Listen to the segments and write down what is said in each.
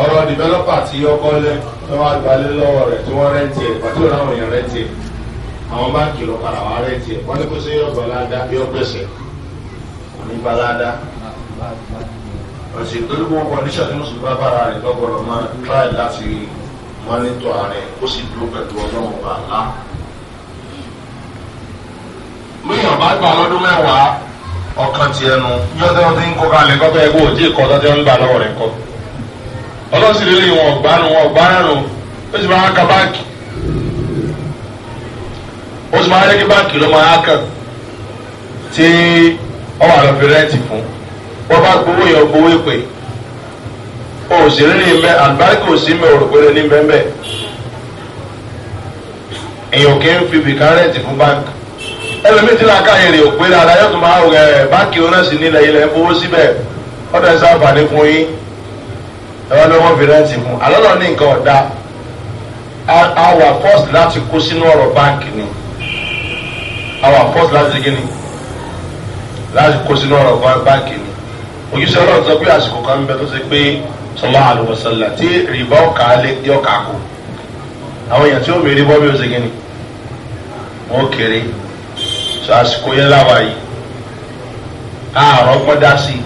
ọ̀rọ̀ developer tí ọkọ lẹ́ tó wá gbalé lọ́wọ́ rẹ̀ tí wọ́n rẹ́ǹtì ẹ̀ pàtó làwọn èèyàn rẹ́ǹtì ẹ̀ àwọn báńkì lọ padà wá rẹ́ǹtì ẹ̀ wọ́n ní kó sí ọgbàládá bí ọgbẹ̀sẹ̀ òní gbaládá ọ̀sẹ̀ torí wọn kọ níṣà tí mùsùlùmí bá bára rẹ̀ lọ́gbọ̀rọ̀ máa ń tíráì láti mọ́nítọ̀ ààrẹ ó sì dúró pẹ̀lú ọlọ́run bàálá míyàn bá gbà lọ́dún mẹ́wàá ọ̀kan ti ẹnu yọ́dẹ́ ọdún kọ́ka lẹ́kọ́ bẹ́ẹ̀ wò ó tí ì kọ́ ọdún ń gbà lọ́wọ́ rẹ̀ kọ́ ọlọ́run sì lélẹ́yìn wọn ọ̀gbánu wọn ọ̀gbáranu ó sì máa ń ka báńkì ó sì máa ń rẹ́gí báńkì ló máa ń kàn tí ọmọ àlọ́ fi rẹ́ǹtì fún wọ́n bá gbowó yẹn gbowó ìpè òsèré ní mẹ́ àlùbáríkà òsì mẹ́ òrògbére ní bẹ́ẹ̀ èèyàn kì í fi bìkan rẹ́ǹtì fún báńkì ẹlòmíì tí làákàyè rè òpin dáadáa yóò tún máa rẹ báńkì onáṣì nílẹ̀ ilẹ̀ ń fowó síbẹ̀ ọ̀dọ̀ ẹ̀ sáfà ní fún yín ẹ̀wọ́n ni wọ́n fi rẹ́ǹtì kún alọ́nà ní nǹkan ọ̀dà a wà pọ́s láti kó sínú ọ̀rọ̀ báńkì ni a wà pọ́s láti gíní láti kó sínú ọ̀rọ̀ báńkì ni òjíṣẹ́ ọlọ́run sọ pé àsìkò kan ń bẹ tó ṣe pé sọlá àlùwọ̀sọ̀là tí rìbá ọ̀kà lé yọ̀ọ̀kà kù àwọn èèyàn tí ó mèrè bọ́ bí ó ṣe gíní wọ́n kéré sọ àsìkò yẹn láwa yìí àárọ̀ gbọ́dá sí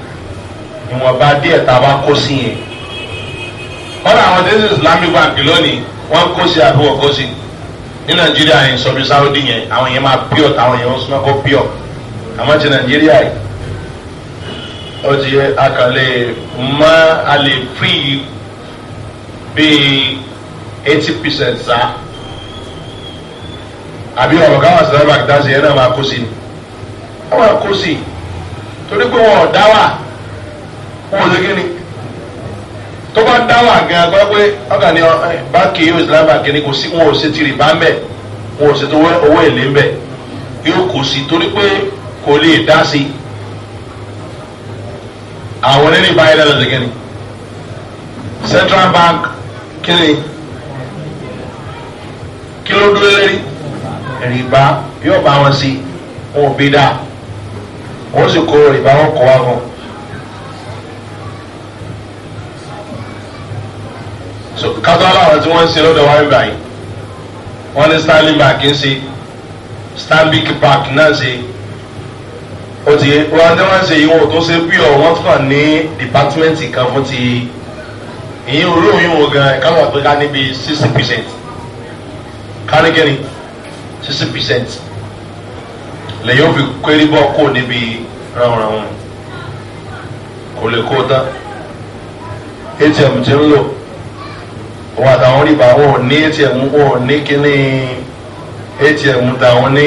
ìwọ̀nba díẹ̀ tá a bá kó sí yẹn ọ̀rọ̀ àwọn tẹ́sí islamic bank lónìí wọ́n kó sí àbí wọ́n kó sí ní nàìjíríà yẹn sọ bí sáwọ́dì yẹn àwọn yẹn máa pure táwọn yẹn wọ́n súnmọ́ kó pure àmọ́ ti nàìjíríà yìí ó ti yẹ àkàlẹ̀ mọ́ àlè fíì bíi eighty percent sá àbí ọ̀rọ̀ káwọn islamic bank dáhùn sí yẹn náà máa kó sí ni wọ́n máa kó sí torí pé wọn ò wà wọn ò lè kí ni tó bá dá wà gan agbá pé ọkàn ni oh, eh, báńkì yóò islam báńkì ni kò sí wọn ò ṣe ti rìbá mbẹ wọn ò ṣe owó èlé mbẹ yóò kò sí torí pé kò lè dá sí àwọn onírìn báyìí lẹ́nu lẹ́gẹ́ ni central bank kí ni kí ló dúró lérí rìbá yóò bá wọn sí wọn ò bí dáa wọn sì kó rìbá wọn kọ wá fún so kátó aláwọ̀ tí wọ́n ń se lọ́dọ̀ wáyé báyìí wọ́n ní stanley bank ń se stanbic bank náà se ó ti wọ́n tí wọ́n ń se ìwọ̀n tó se bí ọ̀ wọ́n tún kàn ní dìpátímẹ́ǹtì kan fún ti ìyẹn olóyún wọn gan ẹ̀ka wà pé ká níbi sixty percent kárígẹ́rì sixty percent lẹ́yìn ó fi kéré bọ́ kó níbi ránranran kò lè kó tán atm ti ń lò òun àtàwọn rìbá wọn ò ní atm wọn ò ní kíní atm táwọn ní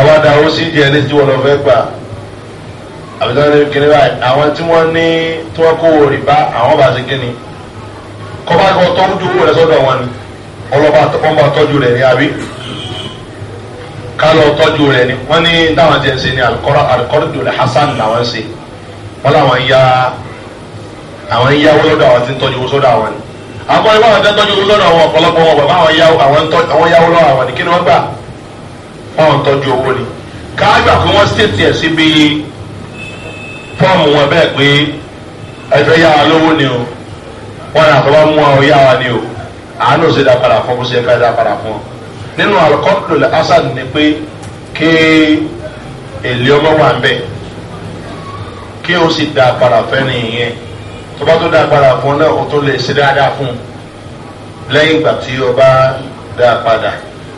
ọbàdà ó sì di ẹni tí wọn lọ fẹ́ gbà àbíkọ́ ní kíní báyìí àwọn tí wọ́n ní tí wọ́n kó rìbá àwọn bá ti kíní kọ́ba kọ́ tọ́jú rẹ̀ sọ́dọ̀ wọn ni ọlọ́ba ọba tọ́jú rẹ̀ ni àbí kálọ̀ tọ́jú rẹ̀ ni wọ́n ní dáwọn jẹ́ ń se ni alikọ́rọ̀dù hasan làwọn ń se wọ́n làwọn ya àwọn ń yáwó lọ́dọ̀ àwọn tí ń tọ́jú owó sọ́dọ̀ àwọn ni àmọ́ ìwọ àwọn tí ń tọ́jú owó sọ́dọ̀ àwọn ọ̀pọ̀lọpọ̀ wọn bàbá àwọn yáwó àwọn yáwó lọ́wọ́ àwọn ni kí ni wọ́n gbà wọ́n tọ́jú owó ni káàgbà kí wọ́n ṣètì ẹ̀ síbi fọ́ọ̀mù wọn bẹ́ẹ̀ pé ẹ̀fẹ́ yá wa lówó ni o wọn náà tó bá mú àwọn yá wa ni o àánú ṣe dá padà fún bó ṣe fẹ́ dá padà fún ọ nínú àkọ́kùnrin asad ni pé kí èlé ọmọ wà ń bẹ̀ kí o sì dá padà fẹ́ nìyẹn tọba tó dá padà fún ọ náà o tó lè ṣe dáadáa fún un lẹ́yìn ìgbà tí o bá dá padà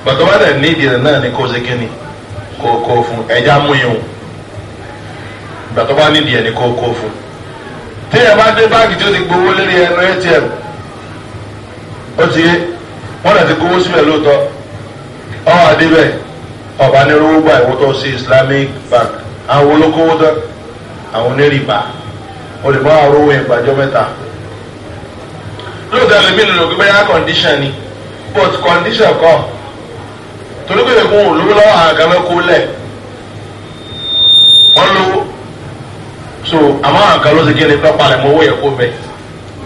bàtọ́ bá dẹ̀ ní ìdìrẹ̀ náà ni kò ṣe kí ni kò kó fún ẹja mú yín o bàtọ́ bá ní ìdìrẹ̀ ni kò kó fún tí ẹ bá dé báàgì tí o ti gbowó lórí ẹnu atm ó ti yé wọn lè ti gbowó síbẹ̀ lóòótọ́ ọ àdébẹ̀ ọ̀bánirówó gbà sí islamic bank àwọn olókòwò tán àwọn onírìbà o lè bá àrò owó ìgbàjọ mẹ́ta lóòótọ́ ẹlẹ́mí nínú pé bẹ́ẹ̀ condition ni but condition kọ́ torí pé ìkún òlówó lọ́wọ́ àwọn kan lẹ̀ wọ́n lówó so àmọ́ àwọn kan ló ti kéde pẹ́ palẹ̀ mọ́ owó yẹ kó bẹ́ẹ̀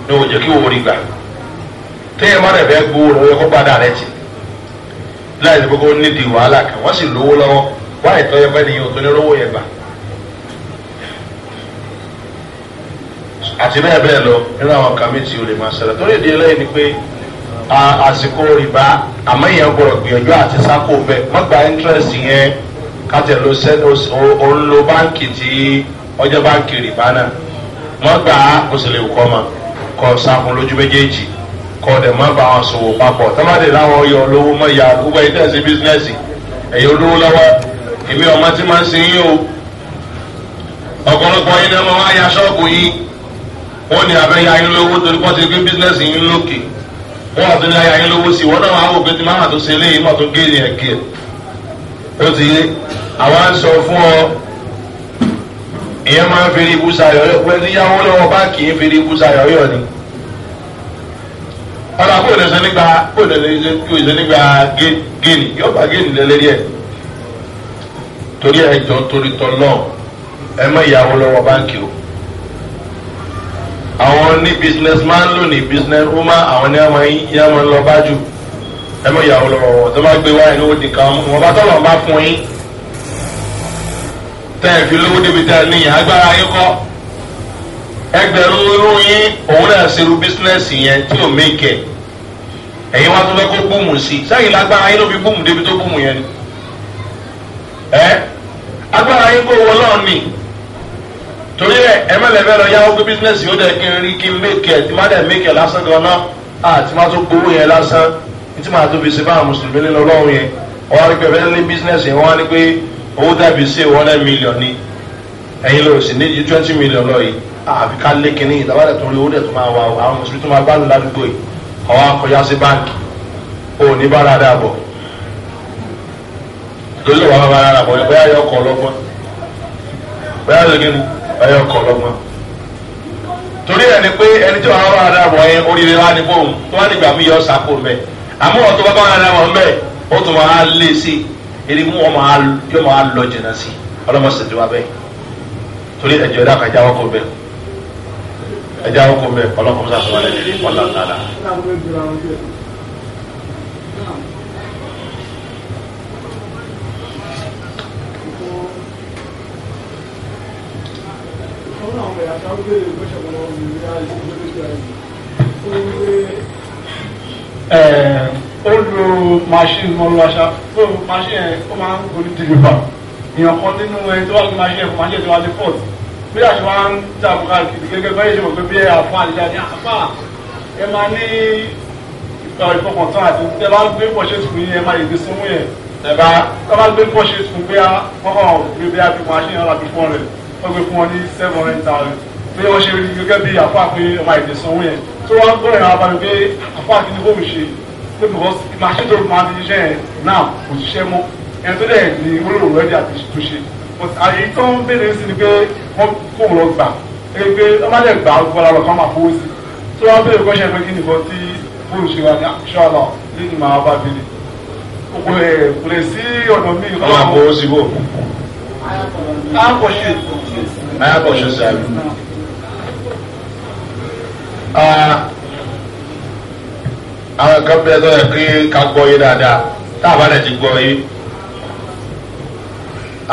ní òjò kí owó rí gbà téèyàn má dẹ̀ fẹ́ gbowó lọ́wọ́ yẹ kó padà rẹ̀ jì láì ní gbogbo nídìí wàhálà kan wọ́n sì lówó lọ́wọ́ wáyé tọ́yẹ fẹ́ nìyẹn ò tó ní lówó yẹ gbà. àti bẹ́ẹ̀ bẹ́ẹ̀ lọ nínú àwọn kan méjì ó lè máa ṣẹlẹ̀ torí ìdí eléyìí ni pé àsìkò rìbá àmọ́ èèyàn gbọ́dọ̀ gbìyànjú àti sákò bẹ́ẹ̀ wọ́n gba interest yẹn kájẹ ló sẹ́ni òun lo báǹkì tí ọjọ́ báǹkì rìbá náà wọ́n gbà á kó sì lè kọ́ ma kọ́ sákun lójú méjèèjì kọ́ dẹ̀ má bá wọn sòwò papọ̀ tọ́mádé láwọn ọyọ olówó mọ́ ya gbogbo ẹ̀yìn tẹ̀sí bísínẹ́sì ẹ̀yìn olówó lọ́wọ́ èmi ọmọ tí máa ń sin yín o ọ̀pọ̀lọpọ̀ yín náà máa wá ya ṣọ́ọ̀bù yín wọ́n ní abẹ́ ya yín lówó torí wọ́n ti gbé bísínẹ́sì yín lókè àti ní aya sí wọ́n náà tí máa tó ṣe léyìn tó gé ní ẹ̀kí ó ti yé àwọn sọ fún ọ ìyẹn máa ń yọ pé níyàwó yọ ni ọ̀là kó lè sẹ́ni gba kó lè sẹ́ni gba géènì yọ géènì o. àwọn ní businessman lónìí business woman àwọn ní àwọn yín máa ń lọ bá jù ẹ mọ ìyàwó lọ́wọ́ wọn tó bá gbé wáyé lówó di kan wọn bá tọ́lọ̀ bá fún yín tẹ́ ẹ̀ fi lówó débi tẹ́ ẹ ní agbára yín kọ́ ẹgbẹ̀rún irú yín òun náà ṣerú bísínẹ́sì yẹn tí ò mékẹ́ ẹ̀yin wá tó fẹ́ kó búùmù sí i sẹ́yìn lágbára yín ló fi búùmù débi tó búùmù yẹn ni ẹ agbára yín kó wọ lọ́ọ̀ nìí torí ẹ ẹ mẹ́lẹ̀ fẹ́ lọ yáwó pé bísínẹ́sì ó dẹ̀ kí n rí kí n mékè tí má dẹ̀ mékè lásán gan náà àti má tó gbowó yẹn lásán tí má tó fi ṣe fáwọn mùsùlùmí nínú ọlọ́run yẹn wọ́n á rí pé fẹ́ẹ́ ní bísínẹ́sì yẹn wọ́n á ní pé owó dàbí sí one hundred million ni ẹ̀yin lọ sí ní twenty million lọ yìí àfi ká lé kínní ìdáwọ́dẹ̀ tó ń lo owó dẹ̀ tó máa wà àwọn mùsùlùmí tó máa gbádùn ládùúgbò yìí ọwọ́ akọjá sí báńkì ó ní bára dà bọ̀ lórí ìwà bàbá rà bọ̀ bóyá yọ ọkọ̀ lè gbẹ́nu ẹyọ kọ lọ́gbọ́n torí ẹni pé ẹni tí wọn rán ara wọn yẹn oríire wa ni bóun tó wá nígbà mí yọ sàkó mbẹ àmọ́ ọ̀tún bá bá ara wọn mbẹ ó tún wọn á lé sí eré mú wọn yọ wọn á lọ jìnnà sí ọlọ́mọ sèdè wa bẹ́ẹ̀ torí ẹ̀jẹ̀ ọ̀dà kàjá wọn kò bẹ́ẹ̀ ẹ̀jẹ̀ wọn kò bẹ́ẹ̀ ọlọ́kọ̀ sàkó wọn lẹ́yìn wọn làǹtà ó lo machine mọ́ lọ́ṣà tó machine yẹn ó máa ń gbóni dìrìbà èèyàn kan nínú ẹni tó wá sí machine yẹn machine yẹn tó wá sí port bí àṣọ wa ń tàbí káàkiri gẹ́gẹ́ bẹ́ẹ̀ ṣe mọ̀ pé bí àfọ àlejò àti àfà ẹ máa ní ìgbà ìfọkàntán àti tẹ bá gbé pọ̀ṣẹ́ tù yín ẹ máa lè gbé sínú yẹn tẹ bá tẹ gbé pọ̀ṣẹ́ tù bí a kọ́kọ́ bí a fi machine yẹn láti fọ́n rẹ̀ wọ́n gbé fún wọn ní seven hundred thousand bí wọ́n ṣe rí gẹ́gẹ́ bí àfáà pé ọmọ àìdè sanwó yẹn tó wọ́n tó ìrìn abalẹ̀ pé àfáà kí ni kò ń ṣe pé because màṣẹ́ tó máa ti ṣiṣẹ́ yẹn náà kò ṣiṣẹ́ mọ́ ẹni tó dẹ̀ ní olóró rẹ̀ dì àti tó ṣe but àyè tó ń béèrè sí ni pé wọ́n kò wọ́n gbà ẹ pé ọmọ dẹ̀ gbà gbọ́dọ̀ lọ kàn máa fowó sí tó wọ́n béèrè kọ́ṣẹ́ pé kí nìkan tí bóun ṣe wà ní ṣọ́ọ̀lá nínú na ya kwashe sabi àwọn ẹ̀kọ́ bẹ́ẹ̀ tó yẹ kí ká gbọ́ yé dáadáa tá a bá dẹ̀ ti gbọ́ yé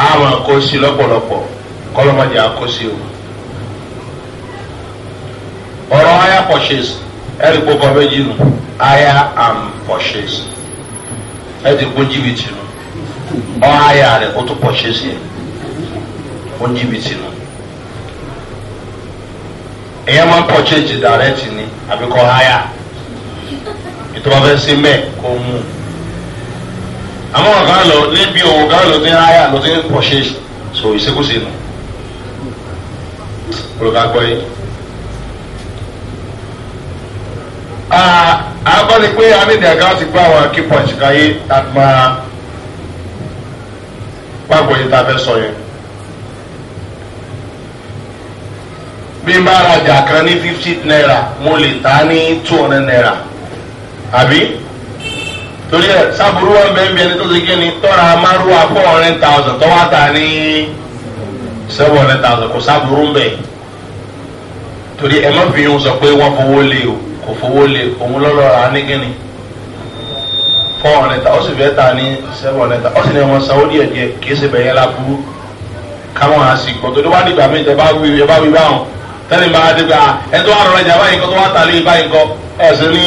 àwọn kò sí lọ́pọ̀lọpọ̀ kọ́lọ́mọdé àkó sí o ọ̀rọ̀ aya purchase ẹ̀rí kó kọ́ méjì nù aya and purchase ẹ̀ ti kó jìbìtì nù ọ̀ aya rẹ̀ kó tó purchase yẹn ó jìbìtì nù èyàn máa ń purchase direct ni àbí kọ́ háyà ìtura fẹ́ sí mẹ́ẹ̀ kó mú un àmọ́ ọ̀gá lọ níbi òwò gá lọ ní háyà lọ sí purchase so ìṣekúṣe nù olùkàgbọ́ yìí. agbọ́ni pé a ní ìdàgbà ti gbọ́ àwọn kí pọ̀jù káyé tá a yìí tá a fẹ́ sọ yẹn. bí n bá rajà kan ní fifty naira mo lè ta ní two hundred naira àbí torí ẹ sábúrú wọn bẹ ń bẹ ẹni tó ti gé ni tọ́ra márùwá four hundred thousand tọ́wọ́ ta ní seven hundred thousand kò sábúrú ń bẹ torí ẹ má fi hàn sọ pé wọ́n fowó lé o kò fowó lé òun lọ́lọ́ ra ní gíní four hundred thousand ó sì fẹ́ ta ní seven hundred thousand ó sì ní ọmọ sanwó díẹ̀ díẹ̀ kì í ṣe bẹ̀yẹ lábúrú káwọn àsìkò tó ní wá dìgbà mí ìjọba wí wí báwọn tẹ́lẹ̀ ń bá a dégbà ẹ̀ tó wà rọra ìjà báyìí kọ́ tó wà tàlẹ́ yìí báyìí kọ́ ẹ̀ sì ní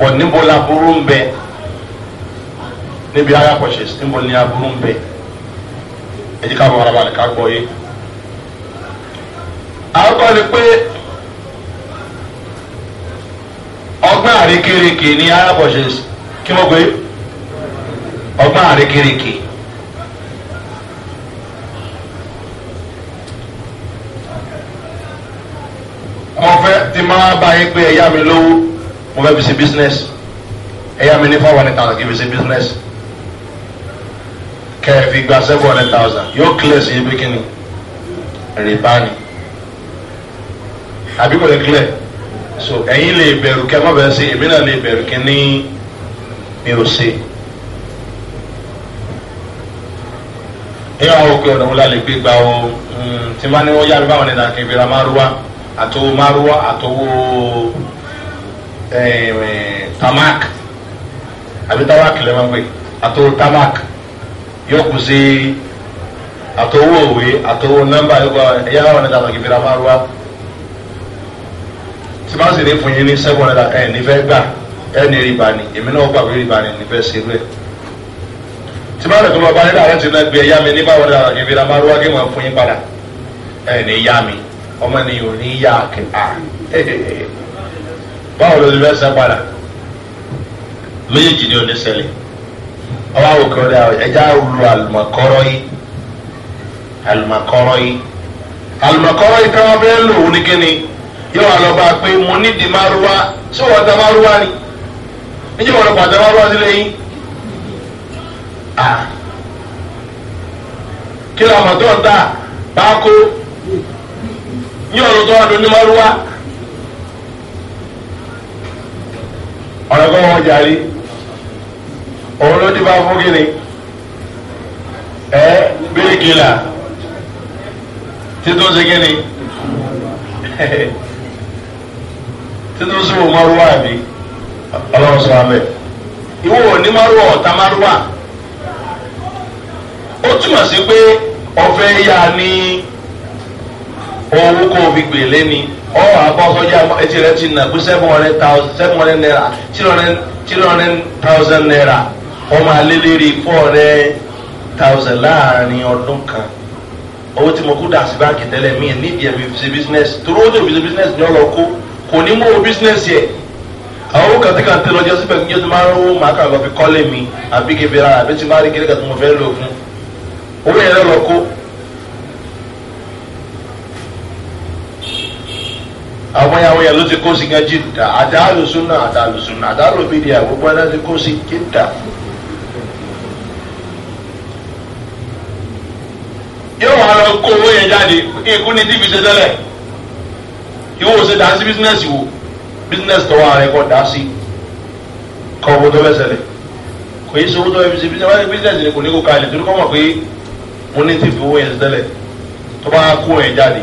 wọ́n níbo la burú ń bẹ níbi ayé àkọ́ṣe níbo ni aburú ń bẹ ẹ jẹ́ ká bọ̀ wàrà ká gbọ́ yé. àkọ́kọ́ ni pé ọgbọ́n àrékèrèké ni ayé àkọ́ṣe kí wọ́n gbé ọgbọ́n àrékèrèké. mo fẹ́ tí máa bá yín pé ẹ̀yà mi lówó mo fẹ́ fi ṣe business ẹ̀yà mi ní four hundred thousand kì í fi ṣe business kẹfì gba seven hundred thousand yóò clear sí ibi kíni rìbá ni àbí kò lè clear so ẹ̀yin lè bẹ̀rù kẹ́ mọ́ bẹ̀rẹ̀ sí èmi náà lè bẹ̀rù kíní mi ò ṣe. ní àwọn òkè ọ̀nà wọn la lè gbé gba o hmm, tí wọ́n ní wọ́n yára báwọn nìyà kí n máa rú wa àtọwọ́ márùwá àtọwọ́ eh, tamak àbí tamak lè máa gbé àtọwọ́ tamak yóò kù sí àtọwọ́ òwe àtọwọ́ nọ́mbà ẹ̀yà wọn ní tàbí kìfìrà márùwá tí bá sì ní fún yín ní sẹ́wọ̀n náírà ẹ̀ nífẹ̀ẹ́ gbà ẹ̀ ní rí bani èmi náà gbà pé rí bani nífẹ̀ẹ́ sí rẹ̀ tí bá rẹ̀ tó lọ bá nílẹ̀ àwọn ti náà gbé ẹ̀yà mi ní báwọn náírà kìfìrà márùwá kí wọ́n fún yín padà ẹ̀ ní yá mi ọmọ ènìyàn ò ní yá àkẹta báwo ló ti fẹ́ sẹ́ padà méjèèjì ni oníṣẹ́lẹ̀ ọba òkè ọ̀dà ẹja lu àlùmọ̀kọ́rọ́ yìí àlùmọ̀kọ́rọ́ yìí àlùmọ̀kọ́rọ́ yìí káwọn fẹ́ lò ó ní kíni yóò wà lọ́ba pé mo nídìí márúwá ṣé wọ́n ta márúwá ni níjẹ́ wọ́n lọ pàtẹ márúwá sílẹ̀ yìí kí ló àmọ̀ tó ń ta báko ní ọ̀rọ̀ tó wà ló ní márúwá ọ̀rọ̀ kan wọ́n jàre òun ló dìbò afúnkìnì ẹ bíríkì là títún sí kíni títún sí wò márúwá mi ọlọ́run sọ abẹ ìwọ ò ní márúwá ọ̀tá márúwá ó túmọ̀ sí pé ọ̀fẹ́ yá ni owó kó o fi gbèlé ni ọ àbọ̀ sọ́jà etí rẹ ti nà pé seven hundred thousand seven hundred naira three hundred three hundred thousand naira wọ́n máa lé lérí four hundred thousand láàrin ọdún kan owó tí mo kú dà sí báńkì tẹ́lẹ̀ mí níbi ẹ̀mí ṣe business torí ó dèbí ṣe business ní ọlọ́ kó kò ní mú owó business yẹ àwọn owó kàtí kàtí lọ́jọ́ síbẹ̀ kí jésù máa ń rówó màá kàn kọ́lé mi àbí kébé àbí tí máa rí kéré kàtí mo fẹ́ lò fún owó yẹn lọ́ kó àìmọye àwọn èèyàn ló ti kó sí gan jìdá àdáàlù súnà àdáàlù súnà àdáàlù bíi àgbogbo ẹni ti kó sí jìdá. yóò wá lọ kó owó yẹn jáde ikú ní tíbi ṣe tẹ́lẹ̀ ìwọ ṣe dá sí bísínẹ́sì wo bísínẹ́sì tọwọ́ ààrẹ kọ́ dá sí kọ́ owó tó fẹ́sẹ̀ lẹ̀ kò yí sọ owó tó fẹ́ fi ṣe bísínẹ́sì ni kò ní kó kalẹ̀ torí kọ́ mọ̀ pé mo ní tíbi owó yẹn ṣe tẹ́lẹ̀ tó bá kó yẹn jáde.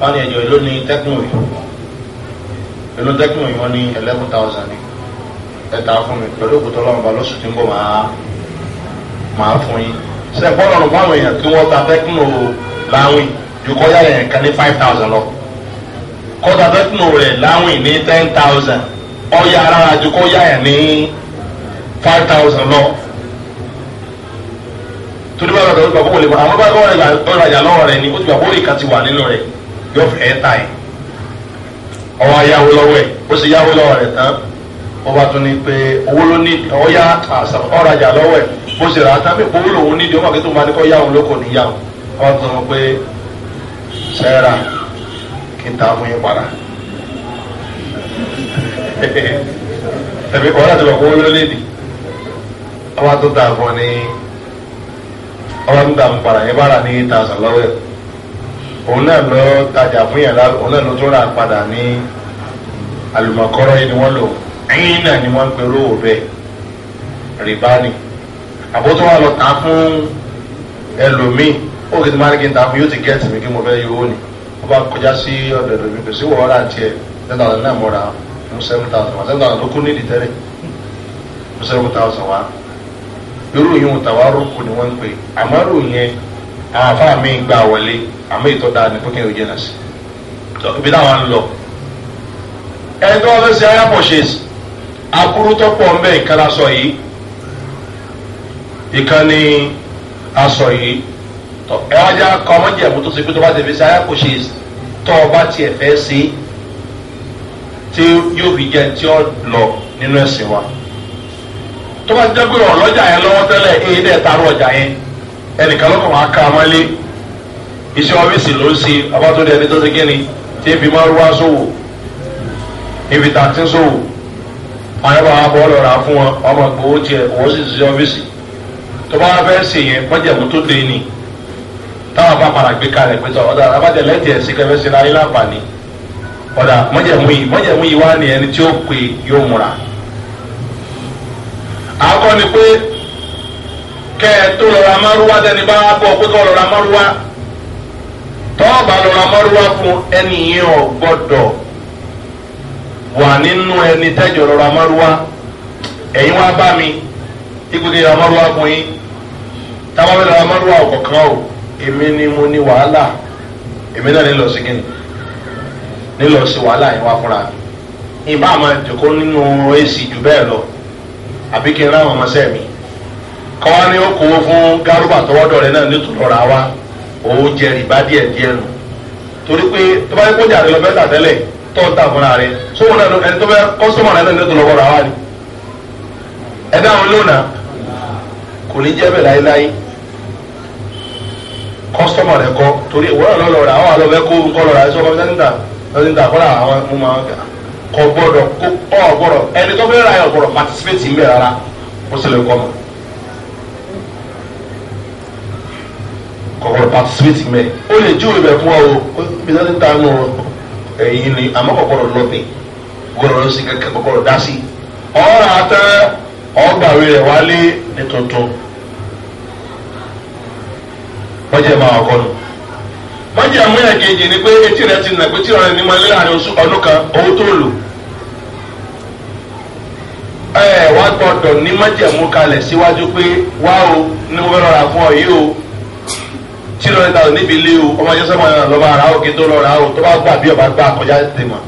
wọ́n ní ẹ̀jọ̀ lónìí tẹ́kùn yìí inú tẹ́kùn yìí wọ́n ní eleven thousand ní ẹ̀ta fún mi pẹ̀lú òkúta ọlọ́run ba lóṣù tí ń bọ̀ máa máa fún yín sẹ́yìn bọ́ọ̀lù ọ̀rùn fún àwọn èèyàn tí wọ́n ta tẹ́kùn láwìn ju kọ́yà yẹn kan ní five thousand lọ kọ́ta tẹ́kùn rẹ̀ láwìn ní ten thousand ọ̀yà arára ju kọ́yà yẹn ní five thousand lọ torí bá lọ́dọ̀ ó gbà kó wọlé àwọn bá lọ́wọ́ rẹ̀ lọ́wọ́ rẹ̀ ni ó ti gbà kó ìka ti wà nínú rẹ̀ yóò fẹ́ ta yìí ọwọ́ ayáwó lọ́wọ́ ẹ̀ ó sì yáwó lọ́wọ́ rẹ̀ tán wọ́n bá tún ní pé owó ló ní ọwọ́ yá àṣà ọ̀rajà lọ́wọ́ ẹ̀ bó sì rà á tán pé owó lòun ní ìdíwọ́n àgbẹ̀tò máa ní kọ́ yáwó lóko níyàwó wọ́n tún sọ pé sẹ́ra kí n ta fún yín padà ẹ̀mí kọ́ láti bọ̀ kó owó ló lé nìí ọba tó ta fún ọ ní ọba tó ta fún padà yẹn bára ní tàṣà lọ́wọ́ ẹ̀ òun náà lọ tajà fún yàrá òun náà ló tún rà padà ní àlùmọ̀kọ́rọ́ yìí ni wọ́n lò ẹ̀yìn náà ni wọ́n ń pe olówó bẹ́ẹ̀ rìbá ni àbótó wa lọ tà fún ẹlòmíì ó kì í ti máa ń kí n tà fún yóò ti gẹ́ẹ̀tì mi kí mo fẹ́ yọ ó ni wọ́n bá kọjá sí ọ̀dọ̀ ẹlòmíì kò sí wọ́n tiẹ̀ ten thousand náà mo fún seven thousand wa seven thousand ló kún nídìí tẹ́lẹ̀ fún seven thousand wa irú yìí wọn tàwa rúkú ni wọ́n ń pè àmọ́ rò yẹn àwọn afáàmì gbà wọlé àmọ́ ìtọ́ dáa ni pínpín òjìnà sí tọ́ ibi táwọn ń lọ ẹjọ́ ọlọ́sẹ̀ ayápọ̀ṣẹ́sì akúrútọ́pọ̀ ńbẹ́ ìkan aṣọ yìí ìkan ni aṣọ yìí tọ́ ẹ wá já kọ́ ọmọdéyàwó tó ṣe pé tó bá ti fi ṣe ayápọ̀ṣẹ́sì tọ́ ọ bá tiẹ̀ fẹ́ sí tí yóò fi jẹ́ tí ó lọ nínú ẹ̀sìn wa tó bá ti jẹ́ pé ọ̀lọ́jà yẹn lọ́wọ́ tẹ́lẹ̀ èyí dẹ̀ tarú ọjà yẹn ẹnìkan lọ́kàn wá ká ọmọ ilé iṣẹ́ ọ́fíìsì ló ń ṣe abátúndé ẹni tó ṣe kí ni tí ebi máa ń wá sòwò ibi tá a ti ń sòwò àyẹ̀wò àbọ̀ ọlọ́ra fún wọn ọmọ gbowó tiẹ̀ òun sì ṣiṣẹ́ ọ́fíìsì tó bá wá fẹ́ ṣe yẹn mọ́jẹ̀mú tó dé ni táwọn bá padà gbé kalẹ̀ pé tọ́ ọ̀dà abájẹ́ lẹ́tẹ̀ẹ́ sí kẹfẹ́ sí láyé láǹfààní ọ̀dà mọ́jẹ̀mú yìí mọ́jẹ̀mú yìí wá ní ẹni tí ó pè yóò múra. àkọ́ ni pé kẹ́ ẹ tó lọ́ra márúwá tẹ́ni bá wá bọ̀ pé kọ́ lọ́ra márúwá tọ́wọ́ bá lọ́ra mọ́rúwá fún ẹni yẹn ọ̀ gbọ́dọ̀ wà nínú ẹni tẹ́jọ́ lọ́ra mọ́rúwá ẹ̀yin wá bá mi ikúti lọ́ra mọ́rúwá fún yín táwọn bá lọ́ra mọ́rúwá ọ̀kọ̀ọ̀kan o èmi ni mo ní wàhálà èmi náà nílò sí kíni nílò sí wàhálà yẹn wá fúnra mi ìbá àmọ́ ìjòkó nínú èsì jù bẹ́ẹ̀ lọ àbí kí n ráwọn ọmọ sẹ́mi kọ́wá ni ó kówó fún gárúbà tọwọ́dọ̀ rẹ náà nítorí ọ̀rọ̀ òun jẹ rìbá díẹ̀ díẹ̀ nù torí pé tó bá yẹ kó jà rẹ lọ fẹ́ tà tẹ́lẹ̀ tó ń tà fúnra rẹ sóhun náà ẹni tó fẹ́ kọ́sọ́mọ̀ rẹ lẹ́nu tó lọ́wọ́ rà wá ni ẹ̀dá àwọn lónà kò ní jẹ́ bẹ́ẹ̀ láéláé kọ́sọ́mọ̀ rẹ kọ́ torí ìwọ́n náà lọ́lọ́ rà àwọn àlọ́ fẹ́ kó kọ́ lọ́ra ẹ̀ sọ́kọ́ sẹ́ńtà sẹ́ńtà kọ́ra àwọn mú máa ń kà kọ́ gbọ́dọ̀ kó ọ̀ gbọ́dọ̀ ẹni tó fẹ́ ra ẹ̀ gbọ́dọ̀ participate ń bẹ̀ rárá ó sì lè kọ́ mọ́. kọ̀kọ́ participate mẹ́ ó lè jí olùbẹ̀ fún wa o bí sáré ta nù ẹ̀yìn ni àmọ́ kọ̀kọ́rọ̀ lọ́bẹ̀ gbọ́dọ̀ lọ sí kẹ́kẹ́ kọ̀kọ́rọ̀ dá sí ọ̀rọ̀ àtẹ ọgbàwé rẹ̀ wálé ní tuntun mọ́jẹ́ máa ọkọ nù mọ́jẹ́ àmú yà kejì ni pé etí rẹ̀ ti nà pé tí ọ̀rẹ́ ni máa lé àárín oṣù ọdún kan owó tó lò ẹ wá gbọ́dọ̀ ní mọ́jẹ̀mú kalẹ̀ síwájú pé wá o ní mo fẹ́ rọra fún ọ yìí o tí lọ́rẹ́ ta níbi ilé o ọmọ ajẹ́sẹ́ máa yàn lọ́ba ara òkè tó lọ́ra o tó bá gbà bí ọba gbà kọjá ti mọ̀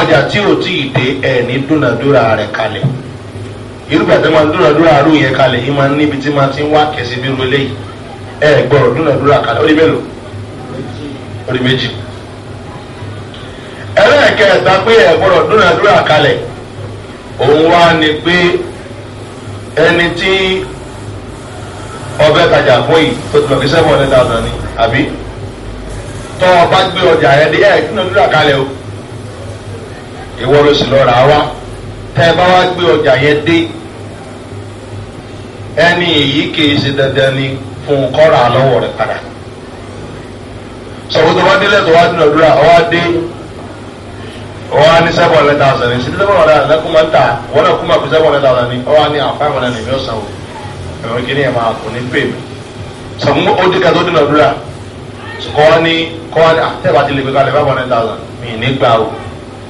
ọjà tí o tí ì dé ẹ̀ ní dúnadúrà rẹ̀ kalẹ̀ irúgbà tí máa ń dúnadúrà àrùn yẹn kalẹ̀ yìí máa ń níbi tí máa ti ń wá kẹsí bí irú eléyìí ẹ gbọ́dọ̀ dúnadúrà kalẹ̀ orí mélòó orí méjì ẹlẹ́ẹ̀kẹta pé ẹ gbọ́dọ̀ dúnadúrà kalẹ̀ òun wá ni pé ẹni tí ọbẹ̀ tajà fún yìí tó ti lọ fi seven hundred ni àbí tọ́ ọ gbé ọjà yẹn dé ẹ̀ kí ló ń rà kalẹ̀ o ìwọ ló sì lọ rà á wá tẹ́ ẹ bá wá gbé ọjà yẹn dé ẹni èyí kìí ṣe dandan ni fún kọ́ra lọ́wọ́ rẹ̀ padà sọ̀rọ̀ tó bá délé tó wá dúró dúró ọ wá dé ọ wá ní seven hundred thousand ní sí seven hundred thousand lẹ́kùn máa ń tà wọ́n náà kú máa fi seven hundred thousand ní ọ ah, ní five hundred ní ìmí ọ̀sán o ẹ̀rọ gíní ẹ̀ máa kò ní pè mí sọ̀kún ó dìkà tó dìnà dúrà kọ́ wá ní kọ́ wá ní àtẹ̀bà ti lè gbé kalẹ̀ five hundred thousand mi ní gbà o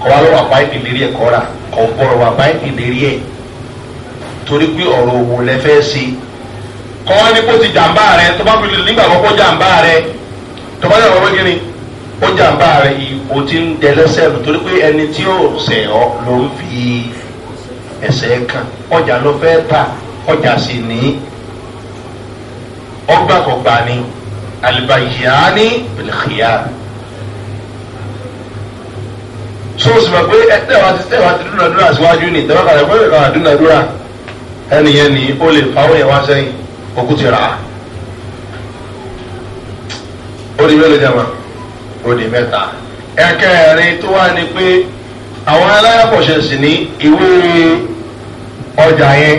kọ́ wá ló wà báyìí ìlérí ẹ̀ kọ́ rà kọ́ bọ̀rọ̀ wà báyìí ìlérí ẹ̀ torí pé ọ̀rọ̀ òwò lẹ fẹ́ ṣe kọ́ ní kó ti jàǹbá rẹ tó bá fi nígbà kọ́kọ́ jàǹbá rẹ tó bá yà wọ́n pé kíni ó jàǹbá rẹ ìwò ti ń dẹlẹ́sẹ̀ lù torí pé ẹni tí yóò sẹ̀ ọ́ ló ń fi ẹsẹ̀ kan ọjà ló fẹ́ ta ọjà sì ní ọgbàkọgbà ni alibayiyaani bilikiya so o sì mọ̀ pé ẹ tẹ̀wá ti tẹ̀wá ti dúnadúrà síwájú ni tẹ̀wá kàdé pé kàdé dúnadúrà ẹnìyẹn ni ó lè fáwọn yẹn wá sẹ́yìn òkú ti rà á mélòó jẹ́ wọn ó mẹ́ta ẹ̀kẹ́rin tó wá ni pé àwọn aláyàpọ̀ṣẹ̀ sì ní ìwé ọjà yẹn.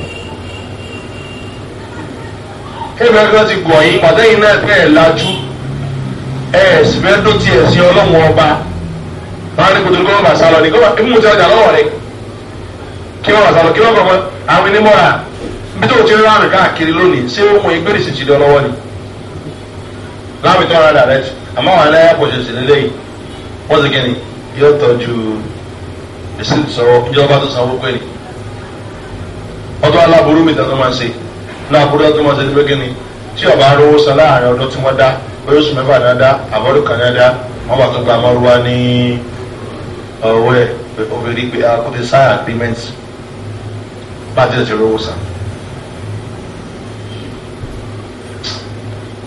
kébìrì kan ti gọ̀ yín pàtẹ́yìn náà kẹ́ ẹ̀ lajú ẹ̀ sì fẹ́ dó tiẹ̀ sí ọlọ́run ọba báwọn ní kòtòlù kọ́ bá sálọ ní kọ́ bá kí mú ọjà lọ́wọ́ rẹ kí wọ́n bá sálọ kí wọ́n kọ́ àwọn onímọ̀ra bí tó ti rárẹ̀ káàkiri lónìí ṣé ó mọ ìgbé rìsì ti dán lọ́wọ́ ni láàmì tó rárá rẹ jù àmọ́ àwọn aláya pọ̀ ṣẹṣẹ nílé yìí wọ́n ti kẹ́ni yóò tọ́jú rìsì sọ̀rọ̀ ìjọba tó sanwó pẹ́ẹ́lì ọdún aláboru mi tàn tó máa ń ṣe náà kúrò tó máa ṣe ní gbégé ni tí ọba arówó san láàrin ọdún tí wọ́n dá oríṣi mẹ́fà dáadáa àbọ̀dún kan dáadáa wọ́n bá tún gba amọ́rúwá ní ọwọ́ ẹ̀ obìnrin pé a kò ti sign agreement bá tẹ̀lé ti rówó san.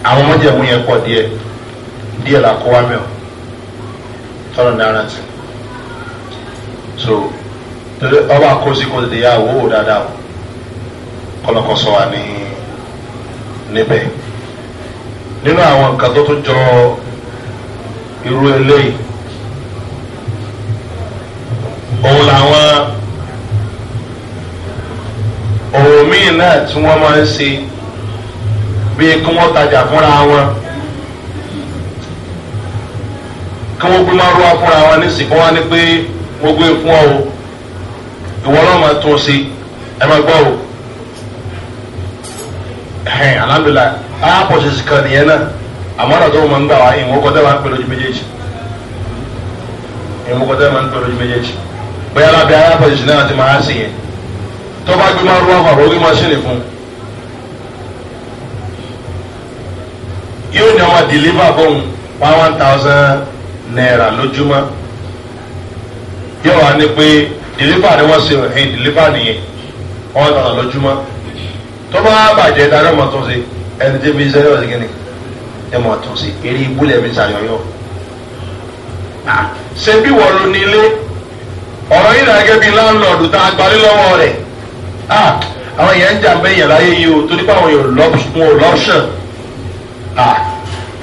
àwọn ọmọdé ẹ̀wọ̀n yẹn pọ̀ díẹ̀ díẹ̀ là kó wá mi tọ́lọ̀ náírà tì so ọba kó sí kó tètè yá owó dáadáa o kọlọkọsọ wa ní níbẹ̀ nínú àwọn nǹkan tó tún jọ irú eléyìí òun làwọn òun míì náà tí wọ́n máa ń ṣe bíi kí wọ́n tajà fúnra wọn kí wọ́n gbé márùwá fúnra wọn nísìnyí kí wọ́n ní pé mo gbé fún ọ o ìwọ náà máa tún ṣe ẹ máa gbọ́ o ẹ̀hìn alhamdulilayi a ah, pọ̀ ṣe kan nìyẹn náà àmọ́ ọ̀nà tó o máa ń gbà wá ìwọ̀n kọ́ tẹ́ máa ń pè lójú méjèèjì ìwọ̀n kọ́ tẹ́ máa ń pè lójú méjèèjì bóyá lábẹ́ alápọ̀jù náà ti máa ń sìn yẹn tó bá gbé máa rú àwọn àwọn orí mọ́ṣínì fún yóò ní ọmọ dìlíbà bóun wá one thousand naira lójúmọ́ yóò wá ah, ní pé dìlíbà ni wọ́n ṣe ìdìlíbà nìyẹn one thousand lójúmọ́ tó bá bàjẹ́ dáná mọ̀ tó ṣe ẹni tí fi sẹ́yọ̀ sí kíni ẹ mọ̀ tó ṣe eré ibúlẹ̀ mi ṣàyọyọ. ṣé bí wọ́n lu ní ọ̀rọ̀ yìí náà gẹ́gẹ́ bí láńlọ́ọ̀dù tá a gbalé lọ́wọ́ rẹ̀ àwọn èèyàn ń jà mẹ́yìn láyé yìí o torí pé àwọn èèyàn wọn ò lọ́pṣọ̀n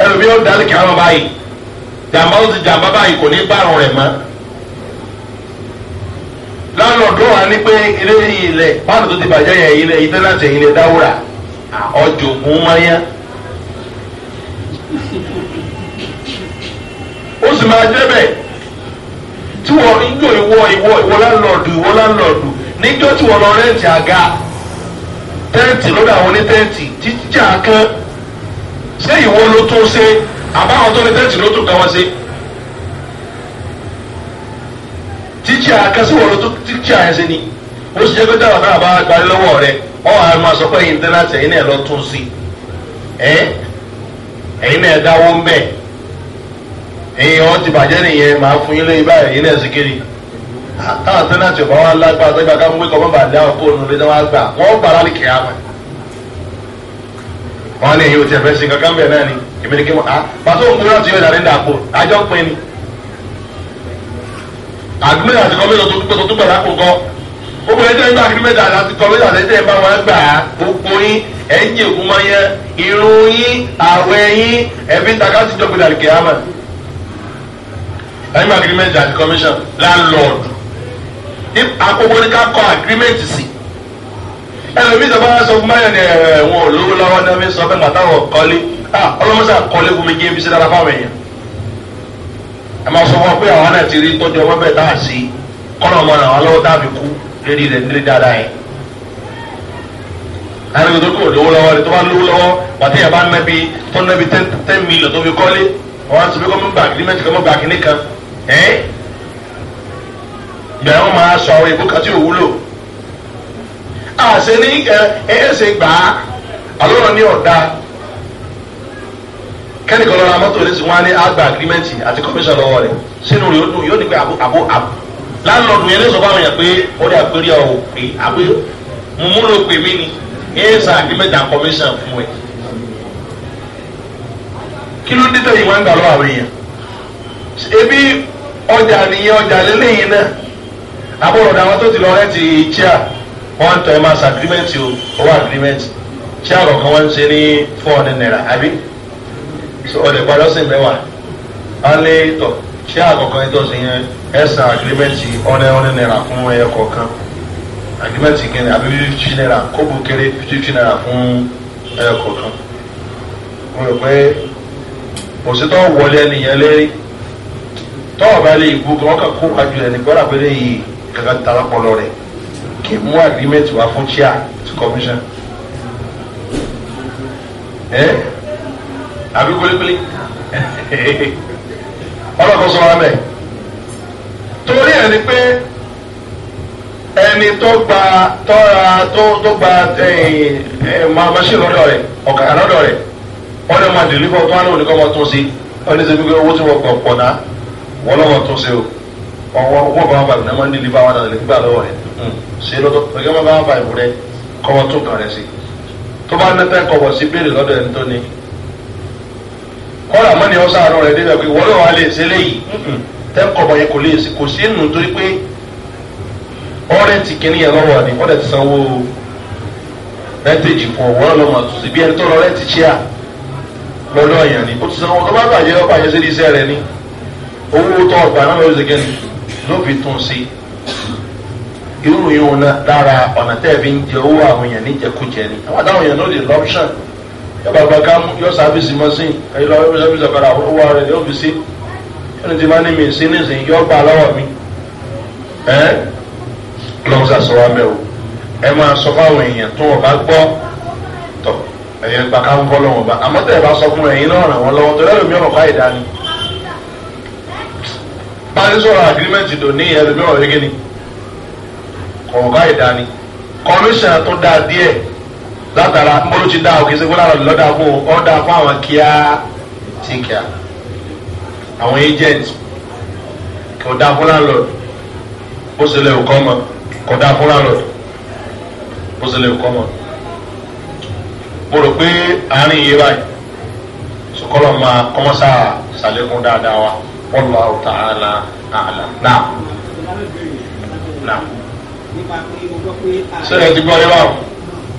ẹlòmíràn dálé kí á báyìí jàmbá ó ti jàmbá báyìí kò ní gbàrún rẹ̀ mọ́. lálọ́ọ̀dọ́ wa ní pé ilé ilẹ̀ pàánù tó ti bàjẹ́ yẹn ilẹ̀ ìtẹ́láṣẹ ilẹ̀ dáwúrà ọjọ́gùn mayá. ó sì máa débẹ̀ tí wọ́n níjọ́ ìwọ ìwọ ìwọ lálọ́ọ̀dù ìwọ lálọ́ọ̀dù níjọ́ tí wọ́n lọ rẹ́ǹtì àga tẹ́ǹtì lọ́dọ̀ àwọn jíjà kan ṣé ìwọ ló tún ṣe àbáwọn tó ní tẹ́ǹtì ló tún ṣe. títsà akásíwọ̀n tó títsà yẹn sí ni ó sì jẹ́ pé táwọn náà bá gba lọ́wọ́ rẹ ọ̀ á máa sọ pé ẹ̀yin tẹ́ láti ẹ̀yin náà lọ tún sí ẹ̀ ẹ̀yin náà dáwó ń bẹ̀ ẹ̀yin ọ̀ ti bàjẹ́ nìyẹn màá fún yín lóyún báyìí ẹ̀yin náà sì kiri táwọn tẹ́ láti ọ̀bá wọn lágbára tó gbà ká mú wíkọ̀ mọ́bà dá ọkọ̀ òun lé wọn gbà wọ́n gbà lálẹ́ kẹ́yà wọn. ní èyí ò tiẹ̀ fẹ́ sin kankan bẹ̀ náà ni èmi kí wọ́n á pàtó òun kúrò láti yọ ìdàrí dàpọ̀ àjọ àgbẹ̀rẹ̀ àti kọ́mẹ́tà tó dúpẹ́ tó dúpẹ́ lákòókò gbogbo ẹjọ́ ìgbà kìlómítà láti kọ́mẹ́tà lẹ́sẹ̀ ẹ̀ bá wọn gbà á gbogbo yín ẹ̀yìn èkó máa yẹ irun yín àwẹ̀ yín ẹ̀bí ta ká sì jọ gbẹdà kìá mà. ẹ̀yìn agreement àti commission landlord àkókò ní ká kọ agreement sí ẹlòmíì sọ fún wa sọ fún báyọ̀ ní ẹ̀wọ̀n olówó lọ́wọ́ náà fi sọ fún màtáwọ̀ kọ́lé ah, ọlọ́mọsà kọ́lé fún mi kí n fi ṣe dára fáwọn èèyàn ẹ máa sọ wọn pé àwọn náà ti rí tọ́jú ọmọ bẹ́ẹ̀ tá a sí kọ́nà ọmọ náà wọn lọ́wọ́ dábì kú lérí rẹ̀ nílé dáadáa yẹn. láti tó kò lówó lọ́wọ́ rẹ̀ tó bá lówó lọ́wọ́ bàtí ẹ̀ bá ń nẹ́bi tó ń nẹ́bi ten million tó fi kọ́lé ọ̀hún ti fi kọ́ mọ́ gbà kí mẹ́tì kọ́ mọ́ gbà kí nìkan ẹ̀ ìgbà yẹn wọ́n máa sọ àwọn ìbúkà tí ò wúlò àṣẹ ní ẹ̀ ẹ̀ ṣe gbà á àlọ́ kẹ́nìkan lọ́ra mọ́tò oníṣìí wọn á ní àgbà agirimẹ́ǹtì àti kọ́míṣọ̀ lọ́wọ́ rẹ̀ sínú rẹ̀ yóò ní pé àbó àbó àbó láńlọ́ọ̀dù yẹn lẹ́sọ̀ fáwọn yẹn pé ó dà pé rí ọ̀ pé àbó mú pè mí ni ẹ̀ sà agirimẹ́ǹtì àti kọ́míṣọ̀ fún ẹ̀. kí ló dé tẹ̀yìn wọn gbà lọ́wọ́ àwọn èèyàn ebi ọjà nìyẹn ọjà lélẹ́yìn náà àbúrò dàwọn tó ti lọ rẹ́ ti chair one time as agreement o owó agreement chair ọ̀dẹ̀ padà sí mẹ́wàá á lé tọ̀ ṣé àkọ́kọ́ ẹjọ́ sí yẹn ẹ̀sán agirimẹ́ntì ọ̀rẹ́ ọ̀rẹ́ náírà fún ẹyẹ kọ̀ọ̀kan agirimẹ́ntì kẹrin àbí fífi náírà kóbù kéré fífi náírà fún ẹyẹ kọ̀ọ̀kan mo rò pé òsítọ́ wọlé ẹni yẹn lérí tọ́wọ́ bá lè gbó kí wọ́n kà kó àjù ẹni gbọ́dọ̀ pé léyìí kàkà tara pọlọ rẹ̀ kì í mú agirimẹ́ntì wá fún chair ti commission. Eh? àbí kúlíkúlí ọlọ́kọ̀ sọ wa bẹ́ẹ̀ torí ẹ̀ ni pé ẹni tó gba tọ́ra tó tó gba eh, eh, machine lọ́dọ̀ rẹ̀ ọ̀kadà lọ́dọ̀ rẹ̀ wọ́n lè máa deliver tó wà lónìí kọ́ máa tún sí wọ́n ní sẹ́bi pé owó tí wọ́n kọ̀ pọ̀ náà wọ́n lọ́wọ́ tún sí o ọwọ́ wọ́n bá wọn bá ìbùdó máa ń deliver wọn náà lè gbà lọ́wọ́ rẹ̀ hmm. ṣe lọ́tọ́ pẹ̀lú wọn bá wọn bá ìbùdó kọ́ wọn tún kàn rẹ̀ sí tó bá nẹ́tẹ́ kọ̀ wọ̀ sí béèrè lọ́dọ̀ ẹni tó ní kọ́ra mọ́ni ọ sáànù rẹ̀ débẹ̀ pé wọ́n náà wà lè ṣe tẹ́kọ̀ bọ̀ yẹn kò lè kò sí nù torí pé ọ̀rẹ́ntì kìíní yẹn lọ́wọ́ ni ọ̀rẹ́ ti sanwó rẹ́ntèjì fún ọ̀wọ́n lọ́mọ àtúnṣe bí ẹni tó lọ rẹ́ntì chíà lọ́dọ̀ èèyàn ni ó ti sanwó tó bá bàjẹ́ ọ bàjẹ́ sí iṣẹ́ rẹ ni owó tó ọgbà náà lọ́dọ̀ ṣẹ́gẹ́ ni ló fi tún sí irú yìí wọn lára ọ̀nà tẹ́ẹ̀ fi ń jẹ owó àwọn èèyàn níjẹkújẹ ni àwọn àtàwọn èèyàn ló lọ́pṣàn yọba gba kámú yọ sáfìsì mọ́sìn ẹ̀yìn lọ́wọ́ yọ sáfìsì ọ̀kadà àfọwọ́ rẹ̀ yóò fi sí ẹni tí wọ́n ní mi sí nísìnyí yọ gbà lọ́wọ́ mi ẹ́ lọ́wọ́ sàṣọ wa mẹ́ o ẹ máa sọ fáwọn èèyàn tó wọn bá gbọ́ tọ̀ ẹ̀yẹ gba kámú kọ́ lọ́wọ́ bá àmọ́ tẹ̀ bá sọ fún ẹ̀yìn náà ràn wọ́n lọ́wọ́ torí ẹlòmíràn ọ̀ká ìdá ni báyìí sọ̀rọ̀ àgírímẹ̀ntì dò ní ẹlòmíràn ọ̀rẹ́gẹ́ni ọ̀ká ìdá ni kọmíṣàn tó dáa díẹ̀ látara mbolo ti dá òkè sẹ́kọ́ lára lọ́dà fún o ọ́ dà fún àwọn kíá tí kíá àwọn agent kò dá fún landlord ó sì lè kọ́ mọ́ kò dá fún landlord ó sì lè kọ́ mọ́ mo rò pé àárín yìí báyìí sọkọlọ máa kọ́mọ́sá sàlékún dáadáa wa wọ́n lọ àwọn tààlà àlà náà náà sọ̀rọ̀ ti gbọ́ yẹ́ báwọn.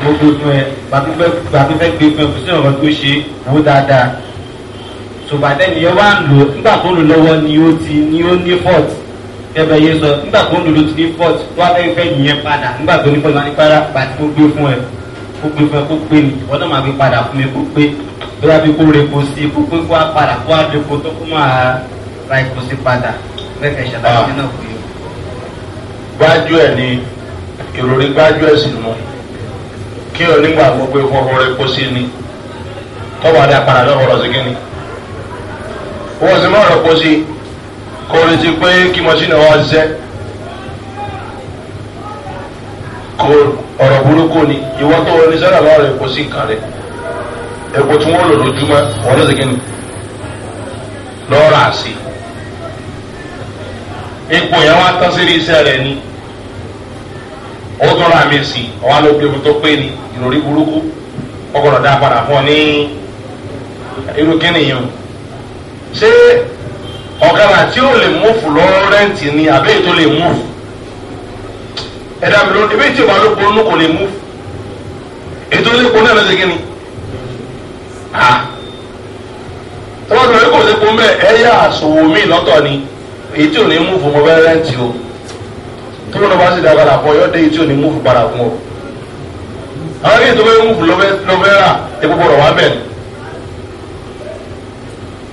gbogbo nu ẹ gbàtúfẹ́ gbé fún ẹ kò sí ọ̀rọ̀ tó ṣe wó dáadáa tòbàdẹ́ ni ẹ wá ń lò nígbà tó ń lò lọ́wọ́ ni ó ti ni ó ní fort ẹbẹ yé sọ nígbà tó ń lò ló ti ní fort tó abẹ́ fẹ́ yìnyẹn padà nígbà tó ní fort wá ní para bàtí kó gbé fún ẹ kó gbé fún ẹ kó pé ni ìwọ náà máa fi padà fún mi kó pé tó bá fi kó repo sí kó pé kó wá padà kó wá repo tó kó máa ra epo sí padà bẹ́ẹ̀ kẹ́ ṣàlàyé náà fún yìí. gbájú ẹ ni èrò rí gbájú ẹ sì mú kí o nígbà gbogbo ìfọwọ́ rẹ kó sí ni tọ́ba dá padà lọ́wọ́ rọ̀ sí kíni. wọ́n sì máa rọ̀ kó sí kó o retí pé kí mọ́ṣínì wa ṣiṣẹ́ kó ọ̀rọ̀ burúkú ni ìwọ́ tó o ní sẹ́nà máa rọ̀ kó sí nǹkan rẹ̀ èkó tí wọ́n lò lójúmọ́ wọ́n lọ́sẹ̀ kíni lọ́ọ́ rà sí. ipò yẹn wá tán sí iṣẹ́ rẹ̀ ni owó tó ra mi sí ọwọ́ ló bí omi tó pé ni ìròrí burúkú ọgbọ̀nà dá padà fún ọ ní irú kíni yìí o ṣé ọ̀kadà tí ó lè múfù lọ́wọ́ rẹ́ǹtì ni àbí ètò lè múfù ẹ̀dá mi ló ebi tí ìwà ló polówó kò lè múfù ètò lè polówó náà lọ́sẹ̀ kíni tọ́wọ́ sọ̀rọ̀ kò lè polówó mẹ́ ẹ̀yà àsòwò mi lọ́tọ̀ ni èyí tí ò ní múfù mo o tí wọn bá sì dá padà fún ọ yọ dé yìí tí ò ní múfù padà fún ọ àwọn yìí tó fẹ́ múfù lọ́fẹ́ rà epo gbọdọ̀ wá bẹ̀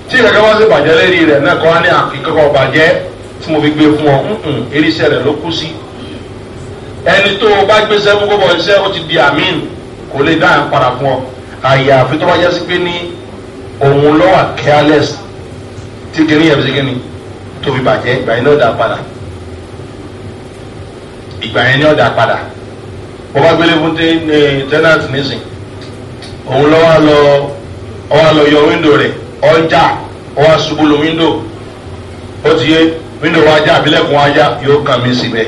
tí ìrẹ́kẹ́ wá sí bàjẹ́ lérí rẹ̀ náà kọ́ ní àfikẹ́kọ̀ọ́ bàjẹ́ tí mo fi gbé fún ọ eríṣẹ́ rẹ̀ ló kú sí ẹni tó o bá gbé sẹ́fún kókò iṣẹ́ ó ti di àmín kò lè dá àpàrà fún ọ àyàfi tó sí pé ní òun lọ́wọ́ careless tí kìnìyàn fi ṣe kìnìyàn tó fi bàjẹ́ ìgbà yẹn náà dá padà. ìgbà yẹn nye ọjà padà ọba bá gbélé fún eh, tenant nísìn òun lọ ọwọ́ lọ yọ windo rẹ̀ ọjà ọwọ́ ṣubú lu wíńdò ó ti yẹ windo wa já àbílẹ̀kùn wa já yóò kàn mí síbẹ̀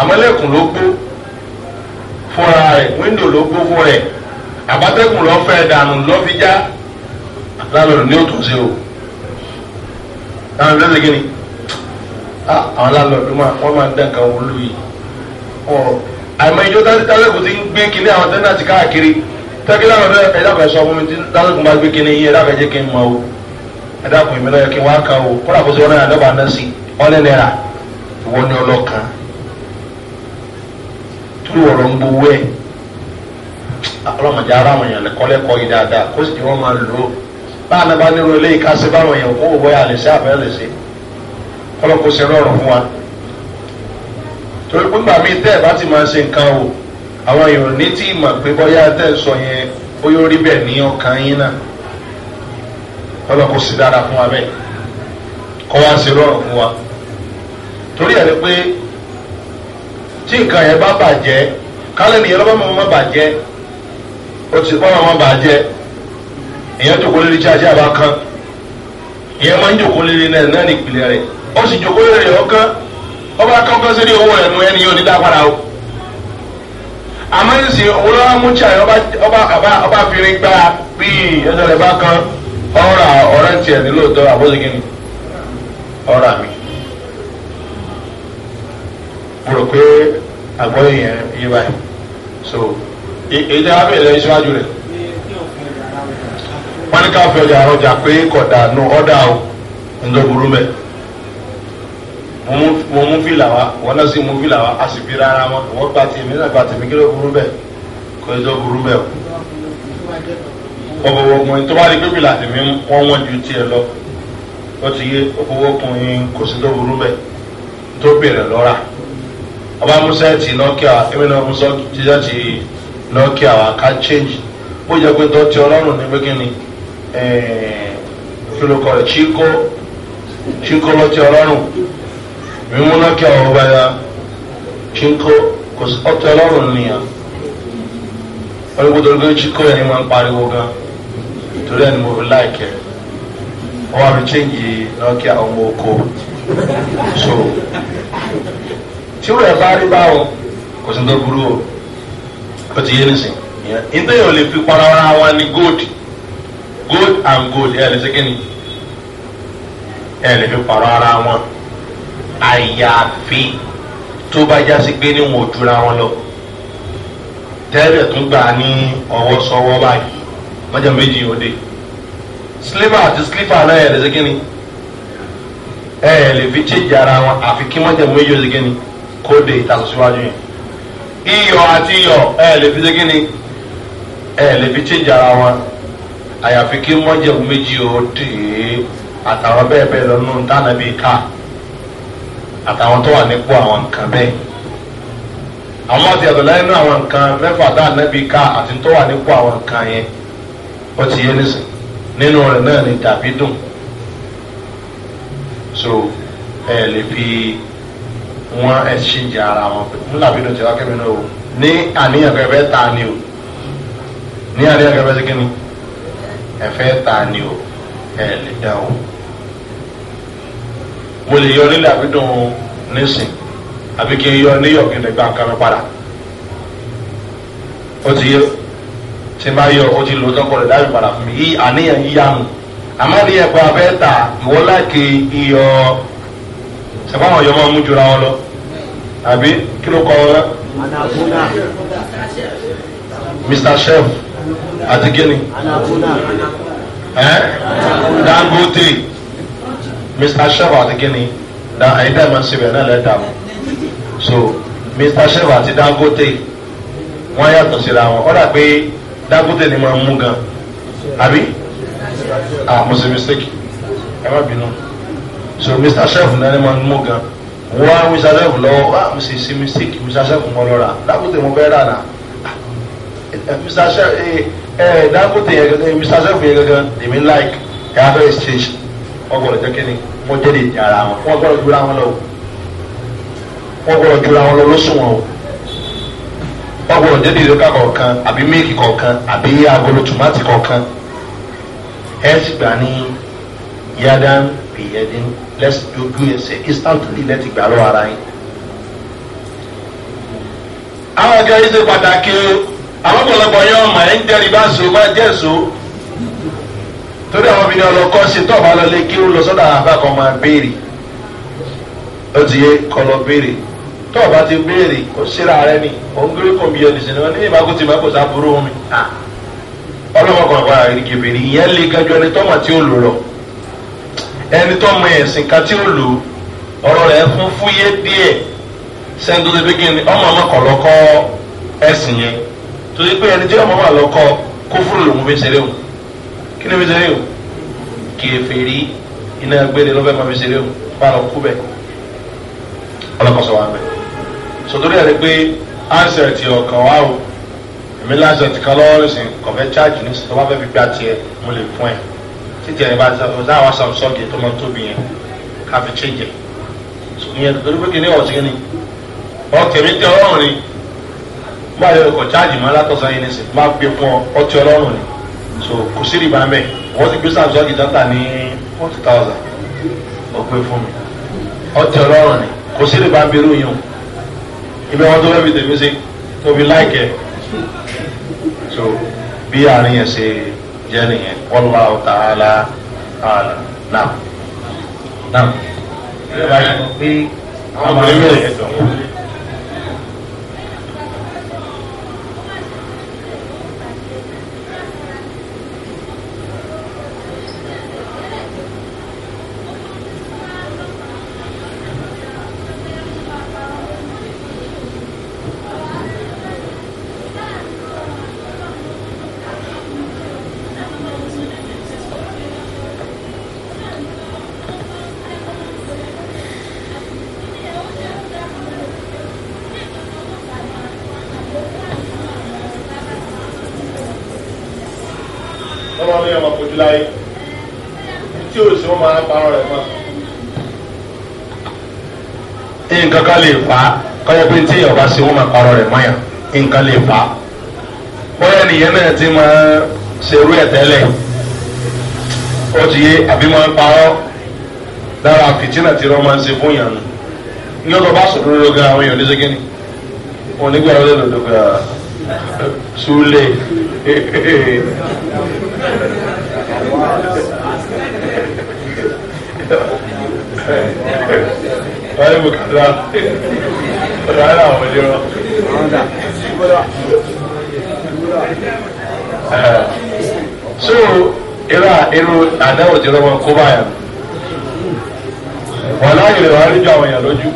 windo ló gbó fúnra ló fún dànù ní Ah, àwọn alálọ́ọ̀dún máa wọ́n máa ń dán kan wọlé yìí ọ̀rọ̀ àìmọ̀ ìjọ tálẹ́kùn ti ń gbé kinní àwọn tẹ́nàtì káàkiri tẹ́kílá ọ̀dọ́ ẹ̀dàkùn ẹ̀sọ́ ọmọ mi ti tálẹ́kùn bá gbé kinní yìí ẹ̀dàkùn ẹ̀jẹ̀ kí n mọ o ẹ̀dàkùn ìmìlẹ̀ yẹ kí n wá kan o kó làkóso ọ̀nà àdọ́bà náà sí ọ̀lẹ́ náírà ìwọ ni ọlọ́kan túrú ọ̀rọ̀ ń gbowó ẹ̀ ah, ọlọ́mọdé ara àwọn èèyàn lẹ́kọ́lẹ́kọ́ yìí dáadáa kó sì ti wọ́n máa lò ó báà náà bá nírú kọlọ́kọ́ ṣe rọrùn fún wa torí pípa mi tẹ́ ẹ̀ bá ti máa ṣe nǹkan o àwọn èèyàn ní tí ìmọ̀ pé bọ́yá tẹ́ ẹ̀ sọ yẹn ó yóò rí bẹ́ẹ̀ ní ọkàn yín náà kọlọ́kọ́ sì dára fún wa bẹ́ẹ̀ kọ́ wa ṣe rọrùn fún wa torí ẹ̀ ni pé tí nǹkan yẹn bá bàjẹ́ kálẹ̀ nìyẹn lọ́bàá mọ̀ mọ́ bàjẹ́ ó ti pọ́n àwọn bàjẹ́ èèyàn tó kó lórí chájá àbá kan ìyẹn máa ń jòkó lórí náà náà nípìnlẹ̀ rẹ̀ ó sì jòkó lórí ọkàn ọba kọ́kọ́ sí ní owó ẹnu ẹni yóò ní dápadà o àmọ́ ìsìn òun lọ́wọ́ mú chai ọba ọba ọba fìrí gbá bíi ẹsẹ̀ rẹ̀ bá kan ọ̀rà ọ̀rẹ́ tiẹ̀ nílòótọ́ àbóṣekí ni ọ̀rà mi mo rò pé àgbọ̀yìn yẹn yé báyìí so èyí tí a bẹ̀ lẹ́yìn síwájú rẹ̀ wọ́n ní ká fẹ́ ọjà àrọ̀jà pé kọ̀dà nù ọ̀dà o ń lọ burú mẹ́ẹ̀ mo mú fìlà wa wọn náà sì mú fìlà wa a sì fi rárá wọn wọn gba tèmi náà gba tèmi kí ló burú bẹ kò ló burú bẹ o. ọ̀bọ̀wọ̀kùnrin tó bá rí bíbí làtẹ̀mí wọ́n wọ́n ju tiẹ̀ lọ ó ti yé ọ̀bọ̀wọ̀kùnrin kò sí tó burú bẹ tó bèrè lọ́ra ọba musa ti nọkíà èmi náà musa jíjá ti nọkíà wa ká change bó jẹ́ pé tó ti ọlọ́run ní pé kí ni eh, kí ló kọ̀ ẹ̀ ọlọ́run mimunaki awobaya chinko kòsí ọtí ọlọrun nìyà olùgbòdòdó chinko yẹn ni wọn pariwo gan torí ẹni mo fi láìkẹ wọn àfi chinki lọkì àwọn ọmọ oko so tí wọn bá rí báwo kòsí tó burú o ó ti yé nísìn yẹn ndé yóò lè fi parara wa ni gold gold and gold ẹ lè ṣe kí ni ẹ lè fi parara wọn. Ayafi, tó bá jásí pé ní wọn ò jura wọn lọ tẹ́lẹ̀ tún gbà ní ọwọ́ sọwọ́ báyìí mọ́jà méjì yóò dé sílífà àti sílífà náà ẹ̀ lẹ́sẹ̀ kínní ẹ̀ lè fi chéjì ara wọn àfi kí mọ́jà méjì yóò dé kínní kó de yẹn iyọ̀ àti iyọ̀ ẹ̀ lè fi ṣe kínní ẹ̀ lè fi chéjì ara wọn àyàfi kí mọ́jà méjì yóò àtàwọn bẹ́ẹ̀ bẹ́ẹ̀ lọ́nù dáná bíi ká àtàwọn tó wà nípò àwọn nǹkan bẹ́ẹ̀ àwọn àti àtọ̀lá inú àwọn nǹkan mẹ́fà tá ànábì ká àti tó wà nípò àwọn nǹkan yẹn ó ti yé nísìn nínú rẹ̀ náà ni tàbí dùn so ẹ lè fi wọn ẹ ṣì jẹ ara wọn n làbí dùn tí wàá kẹ́mi náà o ní àníyàn kẹ́ ta ni o ní àníyàn kẹ́ fẹ́ kí ni ẹ fẹ́ ta ni o ẹ lè dá o mo lè yọ nílẹ̀ àbídùn nísìn àbí kí n yọ níyọ̀ kí n lè gba nǹkan mi padà ó ti yẹ tí n bá yọ ó ti lò ó tọkọ rẹ̀ dájú padà fún mi yí àníyàn yíyá mi àmọ́ ní ẹ̀kọ́ abẹ́ ta ìwọ láàkì iyọ̀ sẹ́fọ́ ọ̀yọ́ máa mú jura wọn lọ àbí kí ló kọ́ ọ mr chef àti gini ẹ dangote mr sheva àti guinea na àyíká ìmọ̀ síbẹ̀ náà lẹ́dà o so mr sheva àti dangote wọ́n yàtọ̀ síra wọn ọ̀dà pé dangote ni wọ́n mú gan àbí ah mo ṣe mistake ẹ má bínú so mr sheva náà ni wọ́n mú gan wọ́n á mr sheva lọ́wọ́ ah mo ṣe ṣe mistake mr sheva mọ́ lọ́ra dangote mo fẹ́ rà ah, mr sheva ẹ eh, ẹ eh, dangote yẹn gẹ́gẹ́ eh, mr sheva yẹn They èmi like ẹ abẹ́ exchange wọ́n gbọ́dọ̀ jẹ́ kí ni wọ́n jẹ́ lè di ara wọn wọ́n gbọ́dọ̀ jura wọn lọ wọ́n gbọ́dọ̀ jura wọn lọ lóṣù wọn o wọ́n gbọ́dọ̀ jẹ́ lè lóka kọ̀ọ̀kan àbí mílìkì kọ̀ọ̀kan àbí agolo tòmátì kọ̀ọ̀kan ẹ̀ sì gbà ní yádán bìyẹ́dín lẹ́sìdógún ẹsẹ̀ instantly lẹ́ti gbà lọ́wọ́ ara yín. àwọn ọjọ́ yìí ṣe pàtàkì o àwọn ọ̀pọ̀lọpọ̀ yẹn ọmọ ẹ̀ ń jẹ́ ribá so jẹ́ so torí àwọn obìnrin ọlọ́kọ́ sí tó ọba lọ lé kí ó lọ sọ́dọ̀ àbá kan máa béèrè ó ti yé kọ́ lọ béèrè tó ọba ti béèrè kó síra rẹ ni òǹgírí kò bí ẹni sinimá ní ìbákú ti mẹ́kò sábúrú omi ọlọ́wọ́ kan àgbà ìrìnkèbèrè ìyẹn lè gẹjọ ẹni tọ́mọ tí ó lò lọ ẹni tọ́mọ ẹ̀sìn kan tí ó lò ọ̀rọ̀ rẹ̀ fún fúyé díẹ̀ sẹ́ńtò tó fi ọmọ ọmọ kan lọ́kọ́ ẹ̀sìn yẹn torí pé ẹni tí ọmọ ọmọ lọ́kọ́ kófúrò lòún fi ṣeré òun kí ló fi ṣeré o kèfèrí iná gbére ló fẹ́ máa fi ṣeré o bá lọ kú bẹ́ẹ̀ ọlọ́kọ̀ọ́sọ wa bẹ́ẹ̀ sọtọ́rí ẹ̀rí pé answer ti ọkàn wa o èmi lásán ti kan lọ́wọ́ lọ́sìn kọ̀fẹ́ chájì ní sọ wá fẹ́ fi gbà tiẹ̀ mo lè fún ẹ̀ títí ẹ̀ bá ọ̀dà wa samsung tó máa tóbi yẹn ká fi chéjẹ ìyẹn torí pé kí ni ọ̀sìn ni ọ̀tẹ̀mí tẹ ọlọ́run ni báyọ̀ ọkọ̀ chájì mọ́ látọ̀sán yẹn ní sè máa gbé fún ọ ọtí ọlọ́run ni so kò sí rìbá mẹ́ wọ́n ti gbé samsung ìjọta ní forty thousand ó pé fún mi ọtí ọlọ́run ni kò sí rìbá bẹ́ẹ̀ lóyún o ibi àwọn tó fẹ́ fi tèmi sí tó fi láìkẹ́ so bí àárín yẹn ṣe jẹ́ nìyẹn wọ́n lọ́wọ́ ọ̀tá àlà àlà náà náà. ọmọ ẹgbẹ́ rẹ̀ nǹkan lè fà á kọ́yọ́ pé tí èèyàn bá ṣe wọ́n máa parọ́ rẹ̀ mọ́yàn nǹkan lè fà á. bóyá nìyẹn náà ti máa ṣerú ẹ̀ tẹ́lẹ̀ ó ti yé àbí máa ń parọ́ fìtínà tí wọ́n máa ń ṣe fún yàn ní ọ̀dọ̀ bá sọ̀rọ̀ lórí àwọn èèyàn ní sẹ́gẹ́ni wọn nígbà wọlé lọ́dọ̀ gbà súlẹ̀ mu kaza ọ̀dà ara àwọn ọmọdé wọn. so irú irú àdáwò tí wọn kó báyà wọn láyè rẹ wọn á rí ju àwọn èèyàn lójú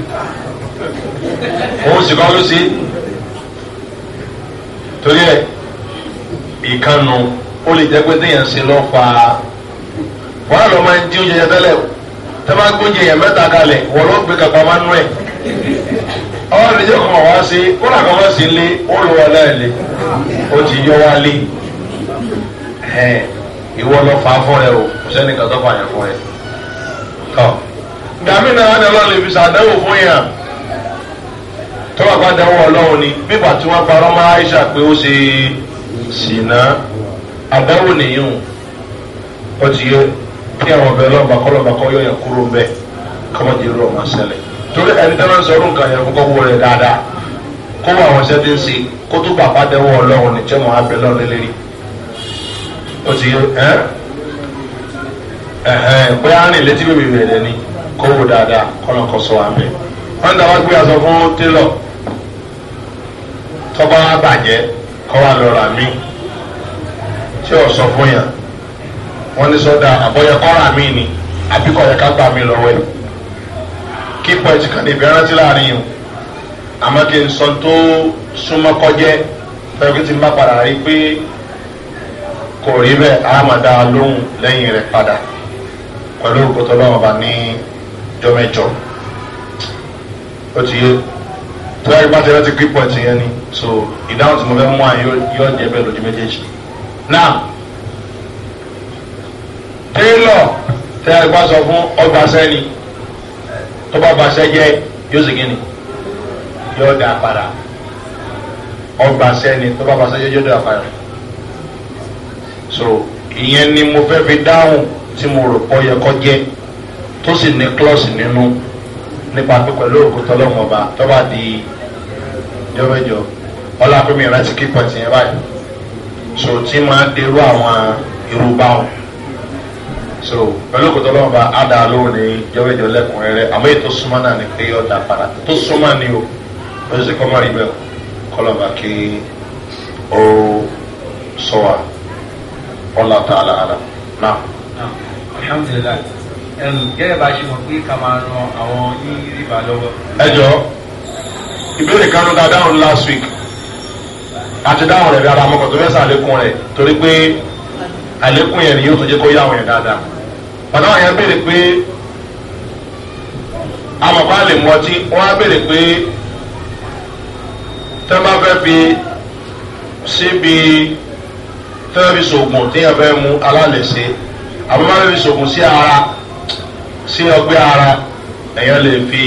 òun sì kọ́ ló sí torí ẹ ìkànnù ó lè tẹ́lá gbóúnjẹ yẹn mẹ́ta kalẹ̀ wọ́n ló gbé kàkọ́ máa nú ẹ̀ ọ̀rọ̀ lè jẹ́ kàn wá sí ó nà kàn wá sí lé ó lọ wọlé ẹ̀ lé ó ti yọ wá lé ẹ̀ ìwọ lọ fà á o kò sẹ́ni kan tó fàyàn fún ẹ tọ́ gbàmí náà wọn ni ọlọ́run lè fi sàdánwò fún yàn tó wà bá dánwò ọlọ́run ni bíbà tí wọ́n parọ́ máa aisha pé ó ṣe sìnà o nìyí ó ti yẹ kí àwọn ọbẹ̀ lọ́ba kọ́lọ́ba kọ́ yọ̀ yẹn kúrò ń bẹ̀ kọ́mọ jẹ́ lọ́wọ́ máa ṣẹlẹ̀ torí ẹni tẹ́ máa ń sọ̀rọ̀ nǹkan yẹn kọ́kọ́ wọ rẹ̀ dáadáa kó wọ àwọn ṣẹ́ tí ń ṣe kó tó bàbá dẹ́wọ́ ọlọ́run ní jẹ́mọ̀ abẹ́ lọ́run lélẹ́rì ó ti ẹ́ pé á rìn létí bèbè rẹ̀ ni kó wọ dáadáa kọ́lọ́kọ́ sọ wà ń bẹ̀ wọ́n ń dáwọ́ gbé aṣọ fún télọ̀ tọ́ba bàjẹ́ kọ́ wa lọ́ra mí tí ò sọ fún yàn wọ́n ní sọ́dà àbọ̀yẹ kọ́ra mi ni àbíkọ̀ yẹ ká gbà mí lọ́wọ́ ẹ̀ kí pọ́ẹ̀tì kan níbi rántí láàrin yìí àmọ́ kí n sọ tó súnmọ́ kọjẹ́ fẹ́ẹ́ kí n ti má padà rí pé kò rí bẹ́ẹ̀ àmàdá lóhùn lẹ́yìn rẹ̀ padà pẹ̀lú òkúta ọlọ́run ọba ní jọmẹjọ ó ti yé tó yẹ bá ti rántí kí yẹn ni so ìdáhùn tí mo fẹ́ mú àyè yóò jẹ́ bẹ́ẹ̀ lójú méjèèjì náà tẹ́lọ̀ tẹ́lẹ̀ bá sọ fún ọgbà sẹ́ni tó bá ba sẹ́jẹ́ yóò sì gíní yóò dá padà ọgbà sẹ́ni tó bá ba sẹ́jẹ́ yóò dá padà so ìyẹn ni mo fẹ́ fi dáhùn tí mo rò pọ̀ yẹ kọ́ jẹ́ tó sì ní klọ́ọ̀sì nínú nípa pé pẹ̀lú òkú tọ́lọ́mù ọba tó bá di jọ́mẹ́jọ ọlọ́pẹ́ mi rántí kíkọ́ tiẹ̀ báyìí so tí máa ń àwọn irú báwọn so pẹ̀lú kòtò ọlọ́run bá á dáa lóhùn ní jọ́wéjọ́ lẹ́kùnrẹ́rẹ́ àmọ́ èyí tó súnmọ́ náà ni pé yóò dá padà tó súnmọ́ ni o ó sì kọ́ má rí bẹ́ẹ̀ kọ́lọ́ba kí ó sọ wa ọlá tá a la ara náà. alhamdulilayi gẹ́gẹ́ bá a ṣe mọ̀ pé ká máa ran àwọn yín rí ìbá lọ́wọ́. ẹ jọ ìbéèrè kan ló dá dáhùn last week àti dáhùn rẹ̀ rárá mọ́kàn tó fẹ́ sàlékún rẹ̀ torí pé àlékún yẹn ni yóò tún jẹ́ kó yá àwọn yẹn dáadáa bàtà wọn yẹn béèrè pé amọ̀kọ́ àlè mu ọtí wọn á béèrè pé tẹ́ bá fẹ́ fi síbi tẹ́ bá fi sògùn téèyàn fẹ́ mu alálẹ̀ ṣe àbúrò bá fẹ́ fi sògùn sí ara sí ọgbẹ́ ara èèyàn lè fi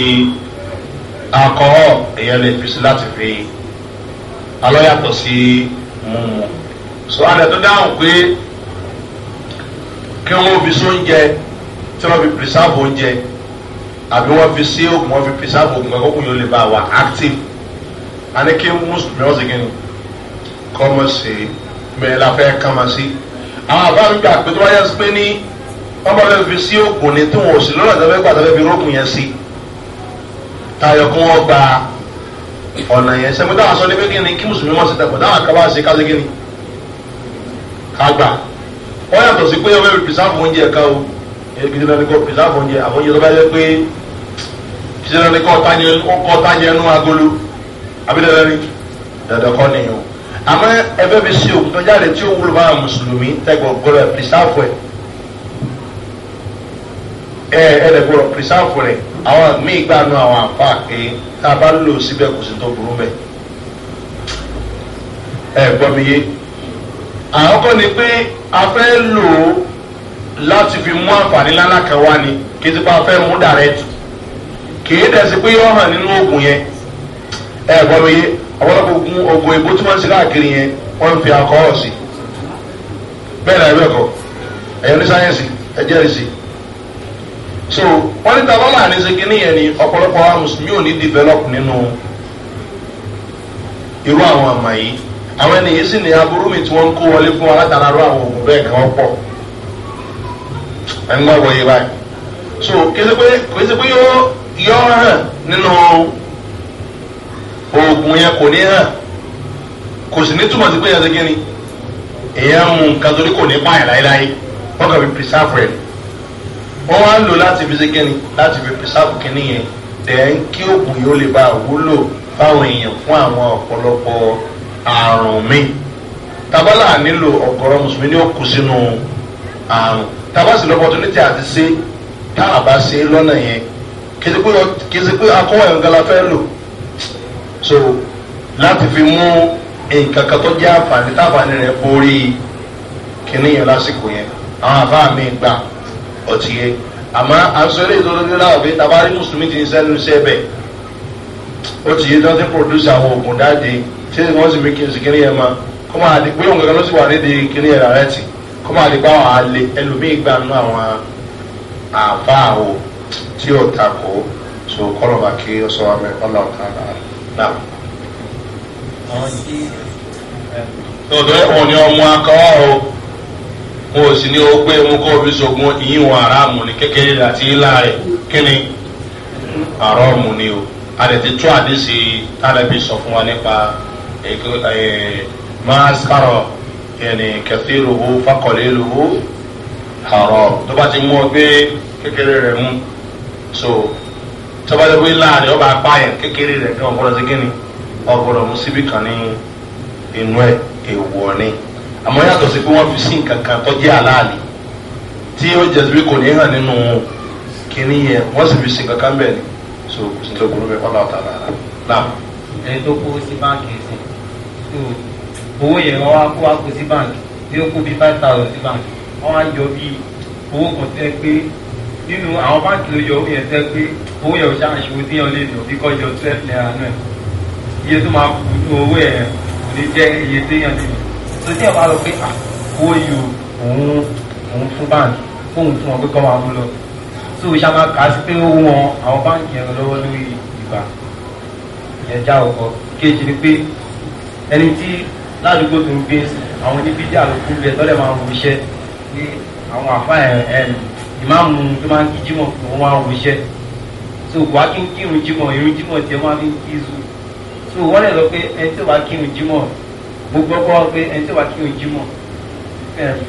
akọ́ọ̀ èèyàn lè fi sí láti fi alọ́yàtọ̀ sí mímu. sọ adẹ tó dáhùn pé kí wọ́n fi sún oúnjẹ tí wọ́n fi pírísàbù oúnjẹ àbí wọ́n fi sí oògùn wọ́n fi pírísàbù oògùn kankan kò yóò lè bá wa active àní kí mùsùlùmí ọ̀sìn kí ni kọ́ mọ̀ sí mẹ́rin la fẹ́ kàn mọ̀ sí. àwọn àbá mi gbà pé tó wáyé sí pé ní wọ́n bá fẹ́ fi sí oògùn ní tí wọ́n ò sí lọ́nà tó fẹ́ gbà tó fẹ́ fi rógùn yẹn sí tayọ̀ kí wọ́n gba ọ̀nà yẹn sẹ́mi táwọn sọ ní pé kí ni kí mùsùlùmí mọ̀ sí tẹ̀pọ̀ táwọn àkàbà sí ká ká wọ́n yàtọ̀ sí pé ọbẹ̀ pìsáàfù oúnjẹ kan o gidi náà ni kò pìsáàfù oúnjẹ àwọn oúnjẹ tó bá yẹ pé gidi náà ni kò tá yẹ nú agolo abidjan ni dandan kọ́ nìyẹn o àmọ́ ẹbẹ́ mi sí òkú tó jáde tí ó wúlò bá mùsùlùmí tẹ́gbọ̀n gbọ́dọ̀ pìsáàfù ẹ̀ ẹ̀ẹ́dẹ̀gbọ́n pìsáàfù rẹ̀ àwọn míì gbàánu àwọn àǹfààní pé tá a bá lò síbẹ̀ kò sí tó burú bẹ́ẹ̀ ẹ̀ gbọ́ mi yé. àkọ́kọ́ ni pé a fẹ́ lò ó láti fi mú àǹfààní ńláńlá kan wá ni ti tipa fẹ́ mú dàrẹ́tù kìí dẹ̀sí pé yọ hàn nínú oògùn yẹn ẹ gbọ́ mi yé ọ̀pọ̀lọpọ̀ oògùn oògùn tí wọ́n káàkiri yẹn wọ́n fi alcohol sí bẹ́ẹ̀ náà bẹ́ẹ̀ kọ́ ẹ̀yọ́ ní sáyẹ́nsì ẹ jẹ́rìí sí so wọ́n ní ni ọ̀pọ̀lọpọ̀ àwọn mùsùlùmí ò ní develop nínú irú àwọn àmà yìí àwọn ènìyàn sì ní aburú mi tí wọ́n ń kó wọlé fún alátara rú àwọn òògùn bẹ́ẹ̀ kan pọ̀ ẹni wọ́n wọ̀nyí báyìí so kése pé kése pé yóò yọ hàn nínú òògùn yẹn kò ní hàn kò sì ní túmọ̀ sí pé yẹn ti kí ni èèyàn mú nǹkan torí kò ní pààyàn láéláé wọ́n kàn fi pírísàfù rẹ̀ wọ́n wá ń lò láti fi ṣe kí ni láti fi pírísàfù kínní yẹn dẹ̀ ń kí òògùn yóò lè bá wúlò fáwọn èèyàn fún àwọn ọ̀pọ̀lọpọ̀ àrùn míì tabala nílò ọ̀gọ̀rọ̀ mùsùlùmí ni ó kù sínú àrùn tabasi lọ́pọ̀tunítì àti ṣe tá a bá ṣe lọ́nà yẹn kì í ṣe pé akọ́wọ́ ẹ̀rọ fẹ́ lò so láti fi mú nǹkan kan tó jẹ́ àǹfààní táǹfààní rẹ̀ borí kìnìún yẹn lásìkò yẹn àwọn àbá mi gbà ọtí yẹn àmọ́ àṣọlẹ̀ ìdọ́lódé náà tabari mùsùlùmí ti ń sẹ́nu iṣẹ́ bẹ̀ ó ti dọ́tí pòdúsì àwọn oògùn dáadé ṣé wọ́n sì fi kí n sì kiri yẹn ma kó máa di pé òun kankan ló sì wà nídìí kiri yẹn rárẹ̀ tì kó máa di pé àwọn alẹ́ ẹlòmíì gbà nínú àwọn àfa àwò tí ò takò so kọ́lọ̀bà kí o sọ wàmẹ́ ọ̀là ọ̀tá náà. ọ̀dọ́ ẹ̀wọ̀n ni ọmọ akọ́wọ́ o wọn ò sì ní o pé mo kọ́ òbí sọ̀gbọ́n ìyín wọn aráàmù ní kékeré àti ńlá rẹ̀ kí ni àrọ́ọ̀mù ni o a lè ti tún àdéhìí tálẹ́bí sọ fún wa nípa máa sàrọ̀ yẹnì kẹsìrìhù fakọ̀lélùhù àrọ̀ tó bá ti mú ọ gbé kékeré rẹ̀ mú so tó bá ti wí láàrin ọba apáyàn kékeré rẹ̀ ní ọ̀gbọ́dọ̀ sí kíni ọ̀gbọ́dọ̀ mú síbí kan ní inú ẹ̀ èèwọ̀ ni àmọ́ yàtọ̀ sí pé wọ́n fi sí nǹkan kan tó jẹ́ aláàlì tí ó jẹ́ sí pé kò ní hàn nínú kíní yẹn wọ́n sì fi sí nǹkan kan bẹ́ẹ̀ ni so kò sí tó burú bẹ́ẹ̀ kọ́ láwùtà lára náà. ẹni tó kó sí báńkì owó yẹn wọ́n wá kó wá kó sí báńkì bí ó kó bí five thousand sí báńkì wọ́n wá yọ bí owó kan tẹ́ pé nínú àwọn báńkì ló yọ owó yẹn tẹ́ pé owó yẹn ò ṣáà ṣe tí yẹn lè lọ bí kò yọ twelve naira náà iye tó máa kú ní owó yẹn kò ní jẹ́ iye tó yẹn lè lọ tó tí yẹn bá lọ pé ah, owó yìí òun òun fún báńkì fóun fún wọn pé kọ́ máa mú lọ tó o ṣáà máa kà á sí pé ó wọn àwọn báńkì yẹn lọ́wọ́ lórí ìgbà ìyẹn já ọkọ kejì ni pé ẹni tí ládùúgbò tó ń gbé àwọn oníbídí àlòkù rẹ̀ tọ́lẹ̀ máa ń wo iṣẹ́ ní àwọn àfa ẹ̀ẹ́n ìmáàmù tó máa ń kí jímọ̀ òun máa ń wo iṣẹ́ so wàá kí n kí irun jímọ̀ irun jímọ̀ tiẹ̀ máa fi ń kí zu so wọ́n lè sọ pé ẹni tí wàá kí irun jímọ̀ mo gbọ́ gbọ́ pé ẹni tí wàá kí irun jímọ̀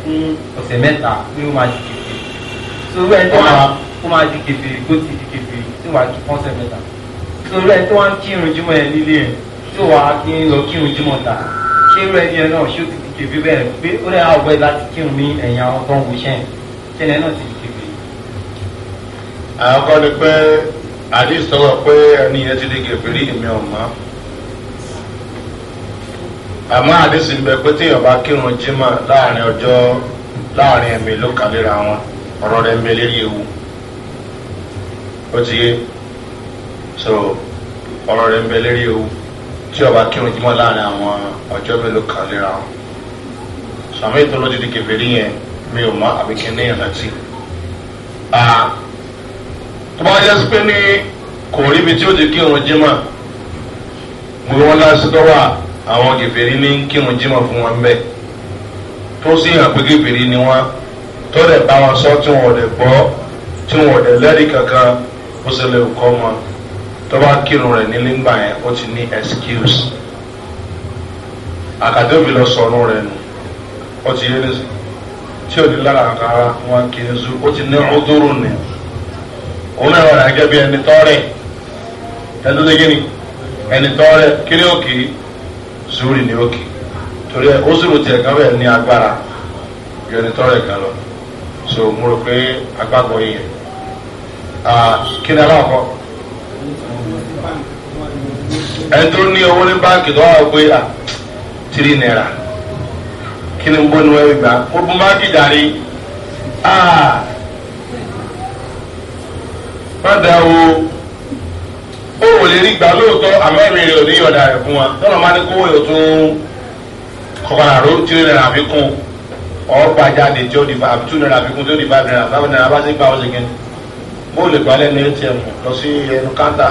fún ọ̀sẹ̀ mẹ́ta pé ó máa di kèfè so ẹni tó máa di kèfè kó ti di kèfè tí wàá kí fún ọ̀sẹ̀ mẹ́ta so ẹni tó wá ń kí irun jímọ̀ yẹn nílé yẹn tí wàá gbé lọ kírun jímọ̀ ta ṣé irú ẹni ẹ náà ṣó ti di kébí bẹ́ẹ̀ pé ó rẹ̀ àwọ̀ ẹ láti kírun ní ẹ̀yìn àwọn tó ń wo ṣẹ́ ṣé ẹ náà ti di kébí. àkọ́kọ́ ni pé àdìs tó wà pé ẹni yẹn ti di kébí rí èmi ọ̀mọ́ àmọ́ àdìs ń bẹ pé téèyàn bá kírun jímọ̀ láàrin ọjọ́ láàrin ẹ̀mí ló kà léra wọn ọ̀rọ̀ rẹ̀ ń bẹ lérí ewu ó ti yé so ọ̀rọ̀ rẹ̀ ń bẹ lérí ewu tí ọba kírun jímọ̀ láàrin àwọn ọjọ́ mélòó kan léra wọn sàmì ìtọ́lọ́ ti di kẹfẹ́rí yẹn mi ò mọ àbíkẹ́ ní ìrántí. tó bá yẹ sí pé ní kò rí ibi tí ó ti kírun jímọ̀ mo wọn lásì lọ́wọ́ àwọn kẹfẹ́rí ní kírun jímọ̀ fún wọn bẹ́ẹ̀ tó sì hàn pé kẹfẹ́rí ni wọn tó dẹ̀ bá wọn sọ tí wọn ò dẹ̀ gbọ́ tí wọn ò dẹ̀ lẹ́rìí kankan bó ṣe lè kọ́ wọn tó bá kírun rẹ̀ nílé ńgbà yẹn ó ti ní excuse àkàdébì lọ sọ̀rọ̀ rẹ̀ nù ó ti yé ní tí ò ní lára àkàrà wọn kì í zu ó ti ní ọdúnrún ni òun náà rẹ̀ gẹ́gẹ́ bí ẹni tọ́rẹ̀ ẹni tó dé gíní ẹni tọ́rẹ̀ kiri òkè zuri ni òkè torí ẹ ó zuru tiẹ̀ kan bẹ́ẹ̀ agbára ju ẹni tọ́rẹ̀ kan so mo rò pé agbábọ̀ yìí yẹn kí ni aláwọ̀ kọ́ ẹni tó ní owó ní báńkì tó wà pé à tírì náírà kí ni n bó ni wọ́n gbà mo bú báńkì jàre padà o ó wò lè rí gbà lóòótọ́ àmọ́ ìrìn rẹ̀ ò ní yọ̀dà rẹ̀ fún wa tọ́lọ̀ máa ní kówó yóò tún kọ̀kọ̀rọ̀ àrò tírì náírà àfikún ọ̀ọ́gbà jáde tí ó di five two naira àfikún tí ó di five naira five naira bá sì gbà ó sì gẹ́ni bó lè gbà lẹ́nu atm lọ sí ẹnu káńtà.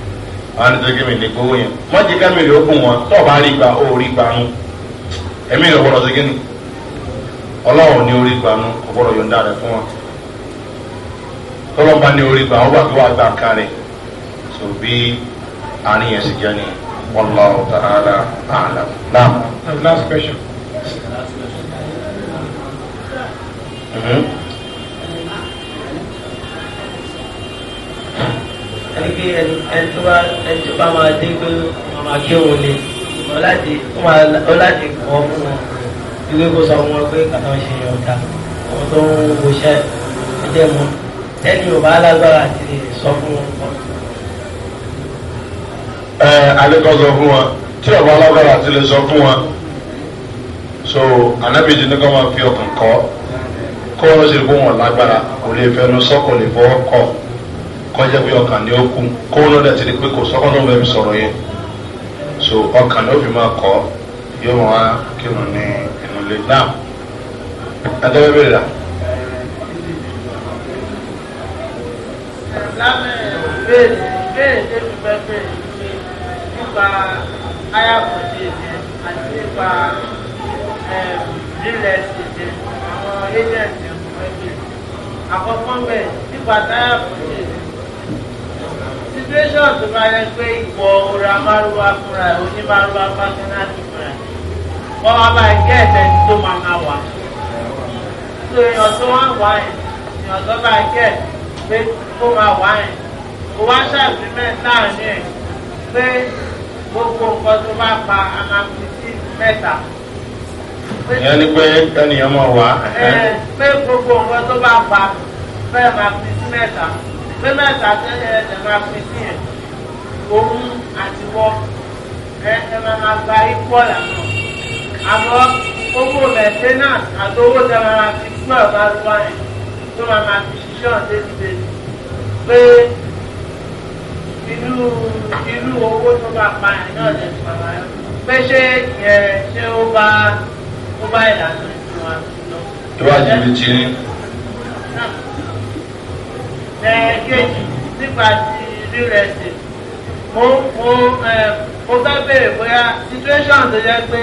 àwọn àdìsẹ́gẹ́ mi lè gbowó yẹn wọ́n jẹ́ kẹ́mi lè ókun wọn tó o bá rí gba ó rí gba nù ẹ̀mí rẹ̀ gbọ́dọ̀ ṣe kíni ọlọ́run ní orí gba nù kò gbọ́dọ̀ yọ̀ǹda rẹ̀ fún wọn tọ́lọ́ba ní orí gba wọn bá fi wá gba nǹkan rẹ̀ tó bí àárín yẹn sì jẹ́ ni wọ́lá ọ̀tá ààlà ààlà náà. last question. mm àbíké ẹni tó bá ẹni tó bá máa dé pé wọn máa òun lé wọn láti kọ́ fún wọn ìwé kó sọ wọn pé kàtà ń ṣe ọ̀dà tó ń wọṣẹ́ ẹjẹ́ mọ́ ẹni ò bá lágbára àti sọ fún wọn. ẹ alẹ́kọ̀ọ́ sọ fún wa tí ọba alágbára àti lè sọ fún wa so anábìyí ni kò máa fi ọkàn kọ́ kó wọn sì gbóhùn lágbára kò lè fẹnu sọ kò lè fọwọ́ kọ́ kọjá pé ọkàn ni ó kú kó lọ́dà ti di pé kò sọ́kọ́ lóun bẹ́ẹ̀ sọ̀rọ̀ yẹn so ọkàn ni ó fi máa kọ́ yóò wá kírun ní inú ilé náà adájọ́ bẹ̀rẹ̀ rà. lábẹ́ ìbéèrè ìbéèrè tó ti fẹ́ bẹ̀rẹ̀ ṣe nípa ayàkùnjì ìdè àti nípa eh, lílẹ̀ ìdè àwọn agent ìdè àkọ́kọ́ bẹ̀ nípa táyàkùnjì ìdè situation tó bá yẹ pé ìwọ ọ̀rọ̀ amárúwá fúnra ẹ̀ onímárúwá fásitì fúnra ẹ̀ wọ́n wá bá ẹgbẹ́ ẹ̀fẹ́ tó máa ma wà. tó èèyàn tó wá wá ẹ̀ èèyàn tó bá ẹgbẹ́ pé kó máa wá ẹ̀ kó wá ṣàgbémẹ̀ láàrin ẹ̀ pé gbogbo nǹkan tó bá pa amáfitì mẹ́ta ìyẹn ni pé kẹ́niyàn máa wà. pé gbogbo nǹkan tó bá pa fẹ́ẹ̀ máa fi sí mẹ́ta mẹ́mẹ́ta tẹ́lẹ̀ ẹ̀ máa fi sí ẹ̀ òun àti wọ́ ẹ ẹ máa máa gba ikú ọ̀la náà àmọ́ owó mẹ̀tẹ́nàt àti owó tẹ́ máa fi fún ọ̀gá lọ́wọ́ ẹ̀ tó máa máa fi ṣiṣẹ́ ọ̀dẹ́ dìde pé inú inú owó tó bá pa ẹ̀ náà lè fà wá pé ṣé yẹn ṣé ó bá ó bá ìlànà ìtura lọ. tó bá jẹ́ ibi ẹ̀ẹ́dẹ́jì nípa ti real estate mo mo mo fẹ́ bèrè bóyá situation tó jẹ́ pé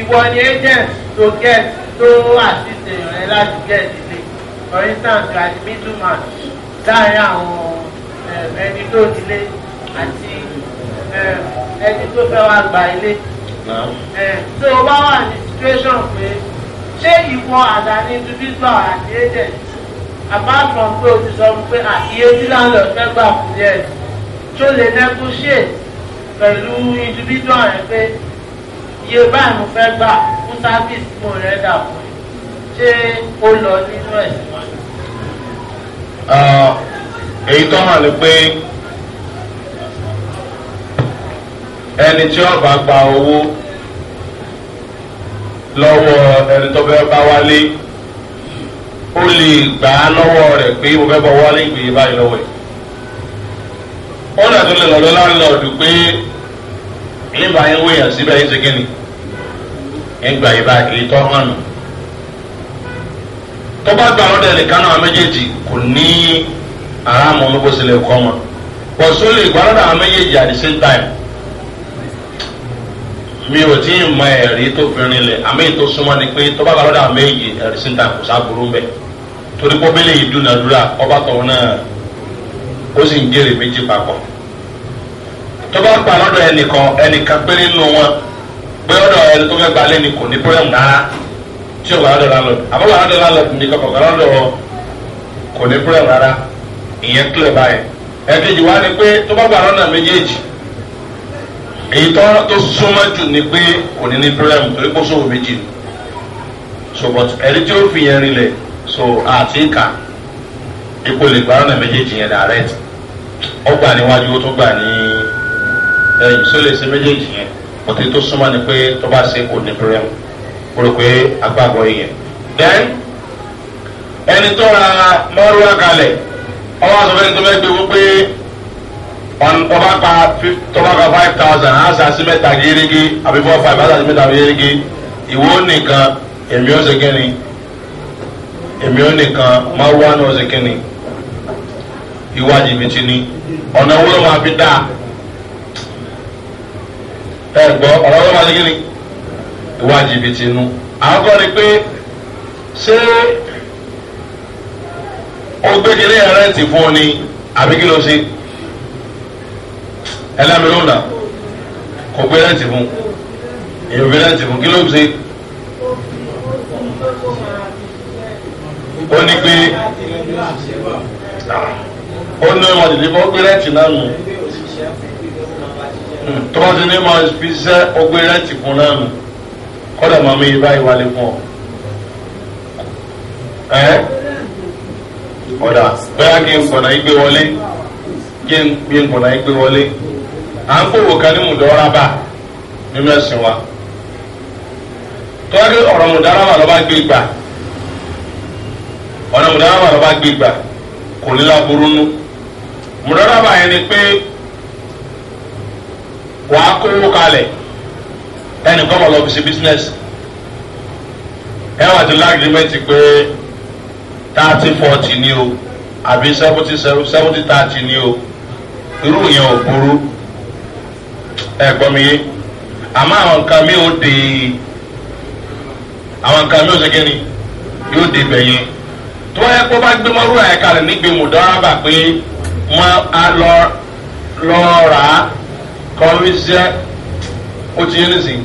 ìwọ ni agent to get tó assist èèyàn rẹ láti get ilé for instance you are the middle man láàrin àwọn ẹni tó nílé àti ẹni tó fẹ́ wá gba ilé tó o bá wà ní situation pé ṣé ìwọ àdáni individual àti agent apart from pé o ti sọ pé iye tí láńlọ fẹ́ gbà kú yẹ tó lè negotiate pẹ̀lú individual rẹ pé iye báyìí mo fẹ́ gbà fún service mo rẹ dà fún ṣé ó lọ nínú ẹ̀sìn wọn. èyí tó hàn ni pé ẹni tí ọba gba owó lọ́wọ́ ẹni tó fẹ́ bá wálé ó lè gbà á lọ́wọ́ rẹ̀ pé mo fẹ́ bọ́ wálé ìgbé báyìí lọ́wọ́ ẹ̀. wọ́n dàtó lè lọ́dọ́ láńlọ́ọ̀dù pé nígbà yẹn wéyàn síbẹ̀ yín ti kíni nígbà yìí báyìí èyí tó hàn nù. tó bá gbà lọ́dọ̀ ẹnìkan náà méjèèjì kò ní aráàmù olóko sílẹ̀ kọ́ mọ́ pọ̀ sólè gbà lọ́dọ̀ àwọn méjèèjì at the same time mi ò tí ì mọ ẹ̀rí tó fi rinlẹ̀ àmì tó súnmọ́ ni pé tó bá balọ̀ dà méje ẹ̀rí síta kò sáà burú bẹ́ẹ̀ torí pọ́ bẹ́lẹ̀ yìí dúnadúrà ọba tọ̀hún náà ó sì ń jèrè méjì papọ̀ tọ́ba pa lọ́dọ̀ ẹnìkan ẹnìkan péré nù wọn pé ọ̀dọ̀ ẹni tó fẹ́ gba lẹ́ni kò ní pẹ́rẹ́mù rárá tí ò gbàdọ̀ lálọ́ àbọ̀ gbàdọ̀ lálọ́ ní kọ̀kọ̀ gbàdọ̀ kò ní pẹ́rẹ́mù rárá ìyẹn kílẹ̀ báyìí ẹ̀kejì wá ni pé tó bá gbà lọ́nà méjèèjì èyí tó súnmọ́ jù ni pé kò ní ní pẹ́rẹ́mù torí kó sóhùn méjì so but ẹni tí ó fi yẹn rinlẹ̀ so àti kà ipo lè gbara ọ̀nà méjèèjì yẹn direct ó gbà níwájú ó gbà ní ẹyìn so lè ṣe méjèèjì yẹn òtí tó súnmọ́ ni pé tó bá ṣe ẹni tó ra ọba pa five thousand sàásì mẹ́ta gírígí àbí four five sàásì mẹ́ta gírígí ìwọ nìkan ọ̀sẹ̀ kẹ́ni. èmi ó nìkan máa wá náà ṣe kí ni ìwà jìbìtì ni ọ̀nà owó ló máa fi dá ẹ gbọ́ ọ̀rọ̀ ló máa ṣe kí ni ìwà jìbìtì nu àwọn kan ni pé ṣé ó gbẹ́kẹ̀lé rẹ́ǹtì fún ọ ni àbí kí ló ṣe ẹ lámìlónà kò gbé rẹ́ǹtì fún èèyàn gbé fún kí ló ṣe. ó ní pé ó ní wọn lè bọ́ gbé rẹ́ǹtì náà nù hmm, tó ní ma fi sẹ́ ó gbé fún náà nù kọ́dà máa mi báyìí wálé fún ọ. ẹ ọ̀dà bẹ́ẹ̀ kí n igbe wọlé kí n igbe wọlé à ń n'ime siwa ní mùdọ́rábà nínú ẹ̀sìn wa tọ́jú ọ̀rọ̀ ọ̀nà mùdáraba lọ́ba gbé gbà kò ní láburú nú mùdáraba yẹn ni pé wà á kówó kalẹ̀ ẹnì kan wà lọ fi ṣe bísínẹ́sì ẹ ti lágírímẹ́ntì pé thirty forty ni o àbí seventy seventy thirty ni o irú yẹn ò burú ẹ gbọ́ mi yé àmọ́ àwọn nǹkan mi ò dé àwọn nǹkan mi ò ṣe kí ni yóò dé bẹ̀yẹn tó yẹ kó bá gbé mọ́rú ẹ̀ kalẹ̀ nígbè mùdáraba pé wọ́n á lọ lọ rà á kọ́ wí sẹ́ ó ti yé nísìnyí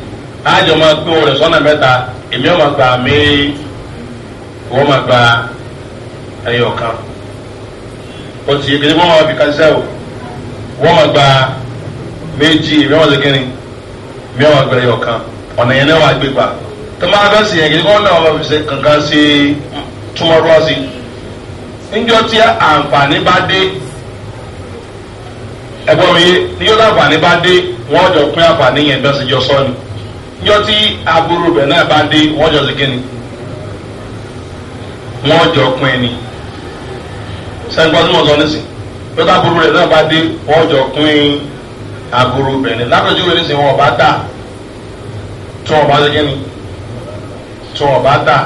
àjọ máa gbé wọn rẹ̀ sọ́nà mẹ́ta èmi ọ̀ máa gbà méjì wọ́n máa gba ẹyọ kan o ti kìí wọ́n máa fi kan o wọ́n máa gba méjì èmi ọ̀ máa gbé mi ọ̀ máa gba ẹyọ kan ọ̀nà yẹn náà wà gbé gbà tó máa bẹ́ẹ̀ sì yẹn wọ́n náà wọ́n fi kankan sí i túmọ̀ rọ́ sí níjọ́ tí àǹfààní bá dé ẹ̀gbọ́n mi yé níjọ́ tí àǹfààní bá dé wọ́n jọ pín àǹfààní yẹn bẹ́ẹ̀ jọ sọ ni níjọ́ tí aburú rẹ̀ náà bá dé wọ́n jọ sí kíni wọ́n jọ pín ni sẹ́ńgbọ́n tí wọ́n sọ nísìn níjọ́ tí aburú rẹ̀ náà bá dé wọ́n jọ pín aburú rẹ̀ ni látọ̀jú rẹ̀ nísìn wọn ò dà tí wọn sí kíni tí wọn dà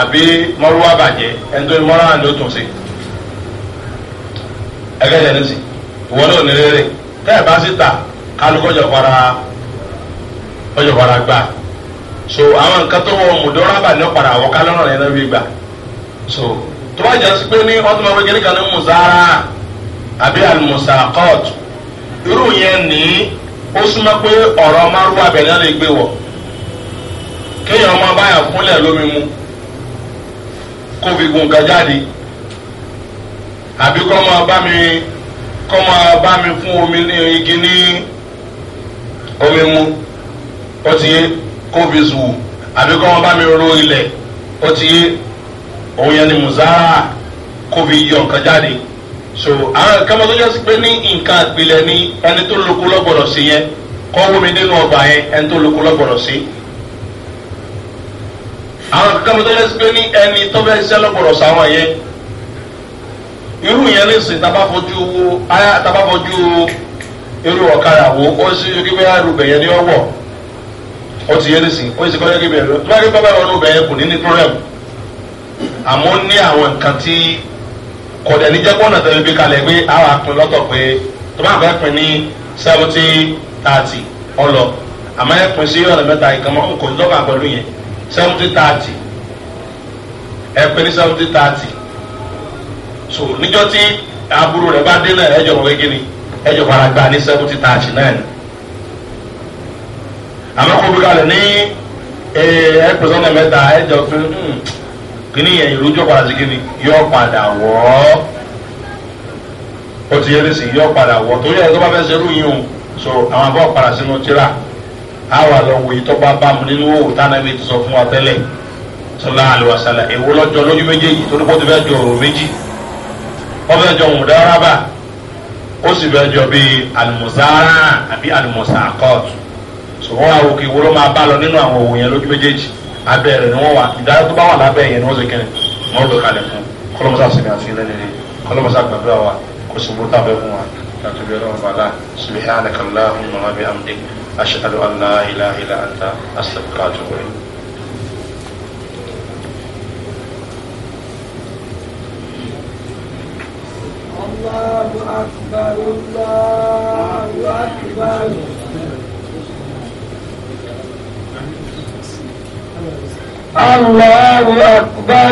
àbí mọ́rúwá bàjẹ́ ẹni tó ní mọ́rúwá ló tún sí ẹgẹ́dẹ̀ ní sí ìwọ náà ní rere tẹ́ ẹ̀ bá sì ta kálukọ́jọ fara ọjọ́ fara gbà so àwọn nǹkan tó wọ mùdọ́rábà ní ọ̀padà àwọn kálọ́nà yẹn náà fi gbà so tó bá jẹ́ sí pé ní ọdún máa wẹ́gẹ́ níkan ní mùsàárà àbí àlùmùsàkọ́t irú yẹn ní ó súnmọ́ pé ọ̀rọ̀ márùwá bẹ̀rẹ̀ náà lè gbé wọ̀ kéèyàn ọmọ báyà kúnlẹ̀ lómi mu kó fi gun nǹkan jáde àbí kọ́ máa bá mi kọ́ máa bá mi fún omi ní igi ní omi mu ó ti yé kó fi zù àbí kọ́ máa bá mi ro ilẹ̀ ó ti yé òun yẹn ni muzara kó fi yọ nǹkan jáde so àwọn kama tó yẹn pé ní nǹkan àgbélẹ̀ ni ẹni tó lóko lọ́gbọ̀dọ̀ sí yẹn kọ́ wọ́n mi nínú ọgbà yẹn ẹni tó lóko lọ́gbọ̀dọ̀ sí yẹn àwọn kankan tó yẹ sí pé ní ẹni tó fẹ́ ṣiṣẹ́ lọ́gbọ̀dọ̀ sáwọn yẹn irú yẹn lè sìn tá a bá fojú ayá tá a bá fojú irú ọ̀kadà wo ó sì kí bẹ́ẹ̀ arúgbẹ̀ yẹn ní ọ̀wọ̀ ó ti yẹ nísìn ó sì kọ́ yẹ kí bẹ́ẹ̀ lọ tó bá yẹ kí bàbá wọn ọ̀bẹ̀ yẹn kò ní ní problem àmọ́ ní àwọn nǹkan tí kọ̀dẹ̀ ní jẹ́kọ́ ọ̀nà tẹ̀lé bí kalẹ̀ pé àwọn apin lọ́tọ̀ pé tó bá fẹ́ pin ní seventy thirty ọlọ àmọ́ ẹ sí ọ̀nà mẹ́ta ìkànnì kò ní lọ́kàn pẹ̀lú yẹn seventy thirty ẹ pé ní seventy thirty so níjọ́ tí aburú rẹ̀ bá dé náà ẹ jọ̀wọ́ gẹ́gẹ́ ni ẹ jọ̀wọ́ ara gba ní seventy thirty náà ni àmọ́ kò bí kalẹ̀ ní ẹ pẹ̀sọ́nà mẹ́ta ẹ jọ fún hmm, kíní yẹn ìrójọ́ padà sí kíní yọ padà wọ́ ó ti yẹ ní sìn yọ padà wọ́ torí ẹ̀ tó bá fẹ́ ṣerú yín o so àwọn abọ́ padà sínú tíra àwa lọ wo ìtọ́ bá bá mu nínú òwò tánàbí ti sọ fún wa tẹ́lẹ̀ sọlá àlùwàsálà èwo lọ́jọ́ lójú méjèèjì torí kó ti fẹ́ jọ òrò méjì wọ́n fẹ́ jọ mùdáraba ó sì fẹ́ jọ bíi àlùmọ̀sára àbí àlùmọ̀sàkọ́ọ̀tù sọ̀rọ̀ àwọn òkè ìwo máa bá lọ nínú àwọn òwò yẹn lójú méjèèjì abẹ́ rẹ̀ ni wọ́n wà ìdájọ́ tó bá wà lábẹ́ yẹn ni wọ́n ṣe kẹ́rin wọ́n gbé أشهد أن لا إله إلا أنت أستغفرك وأتوب إليك الله أكبر الله أكبر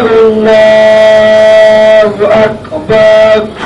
الله أكبر الله أكبر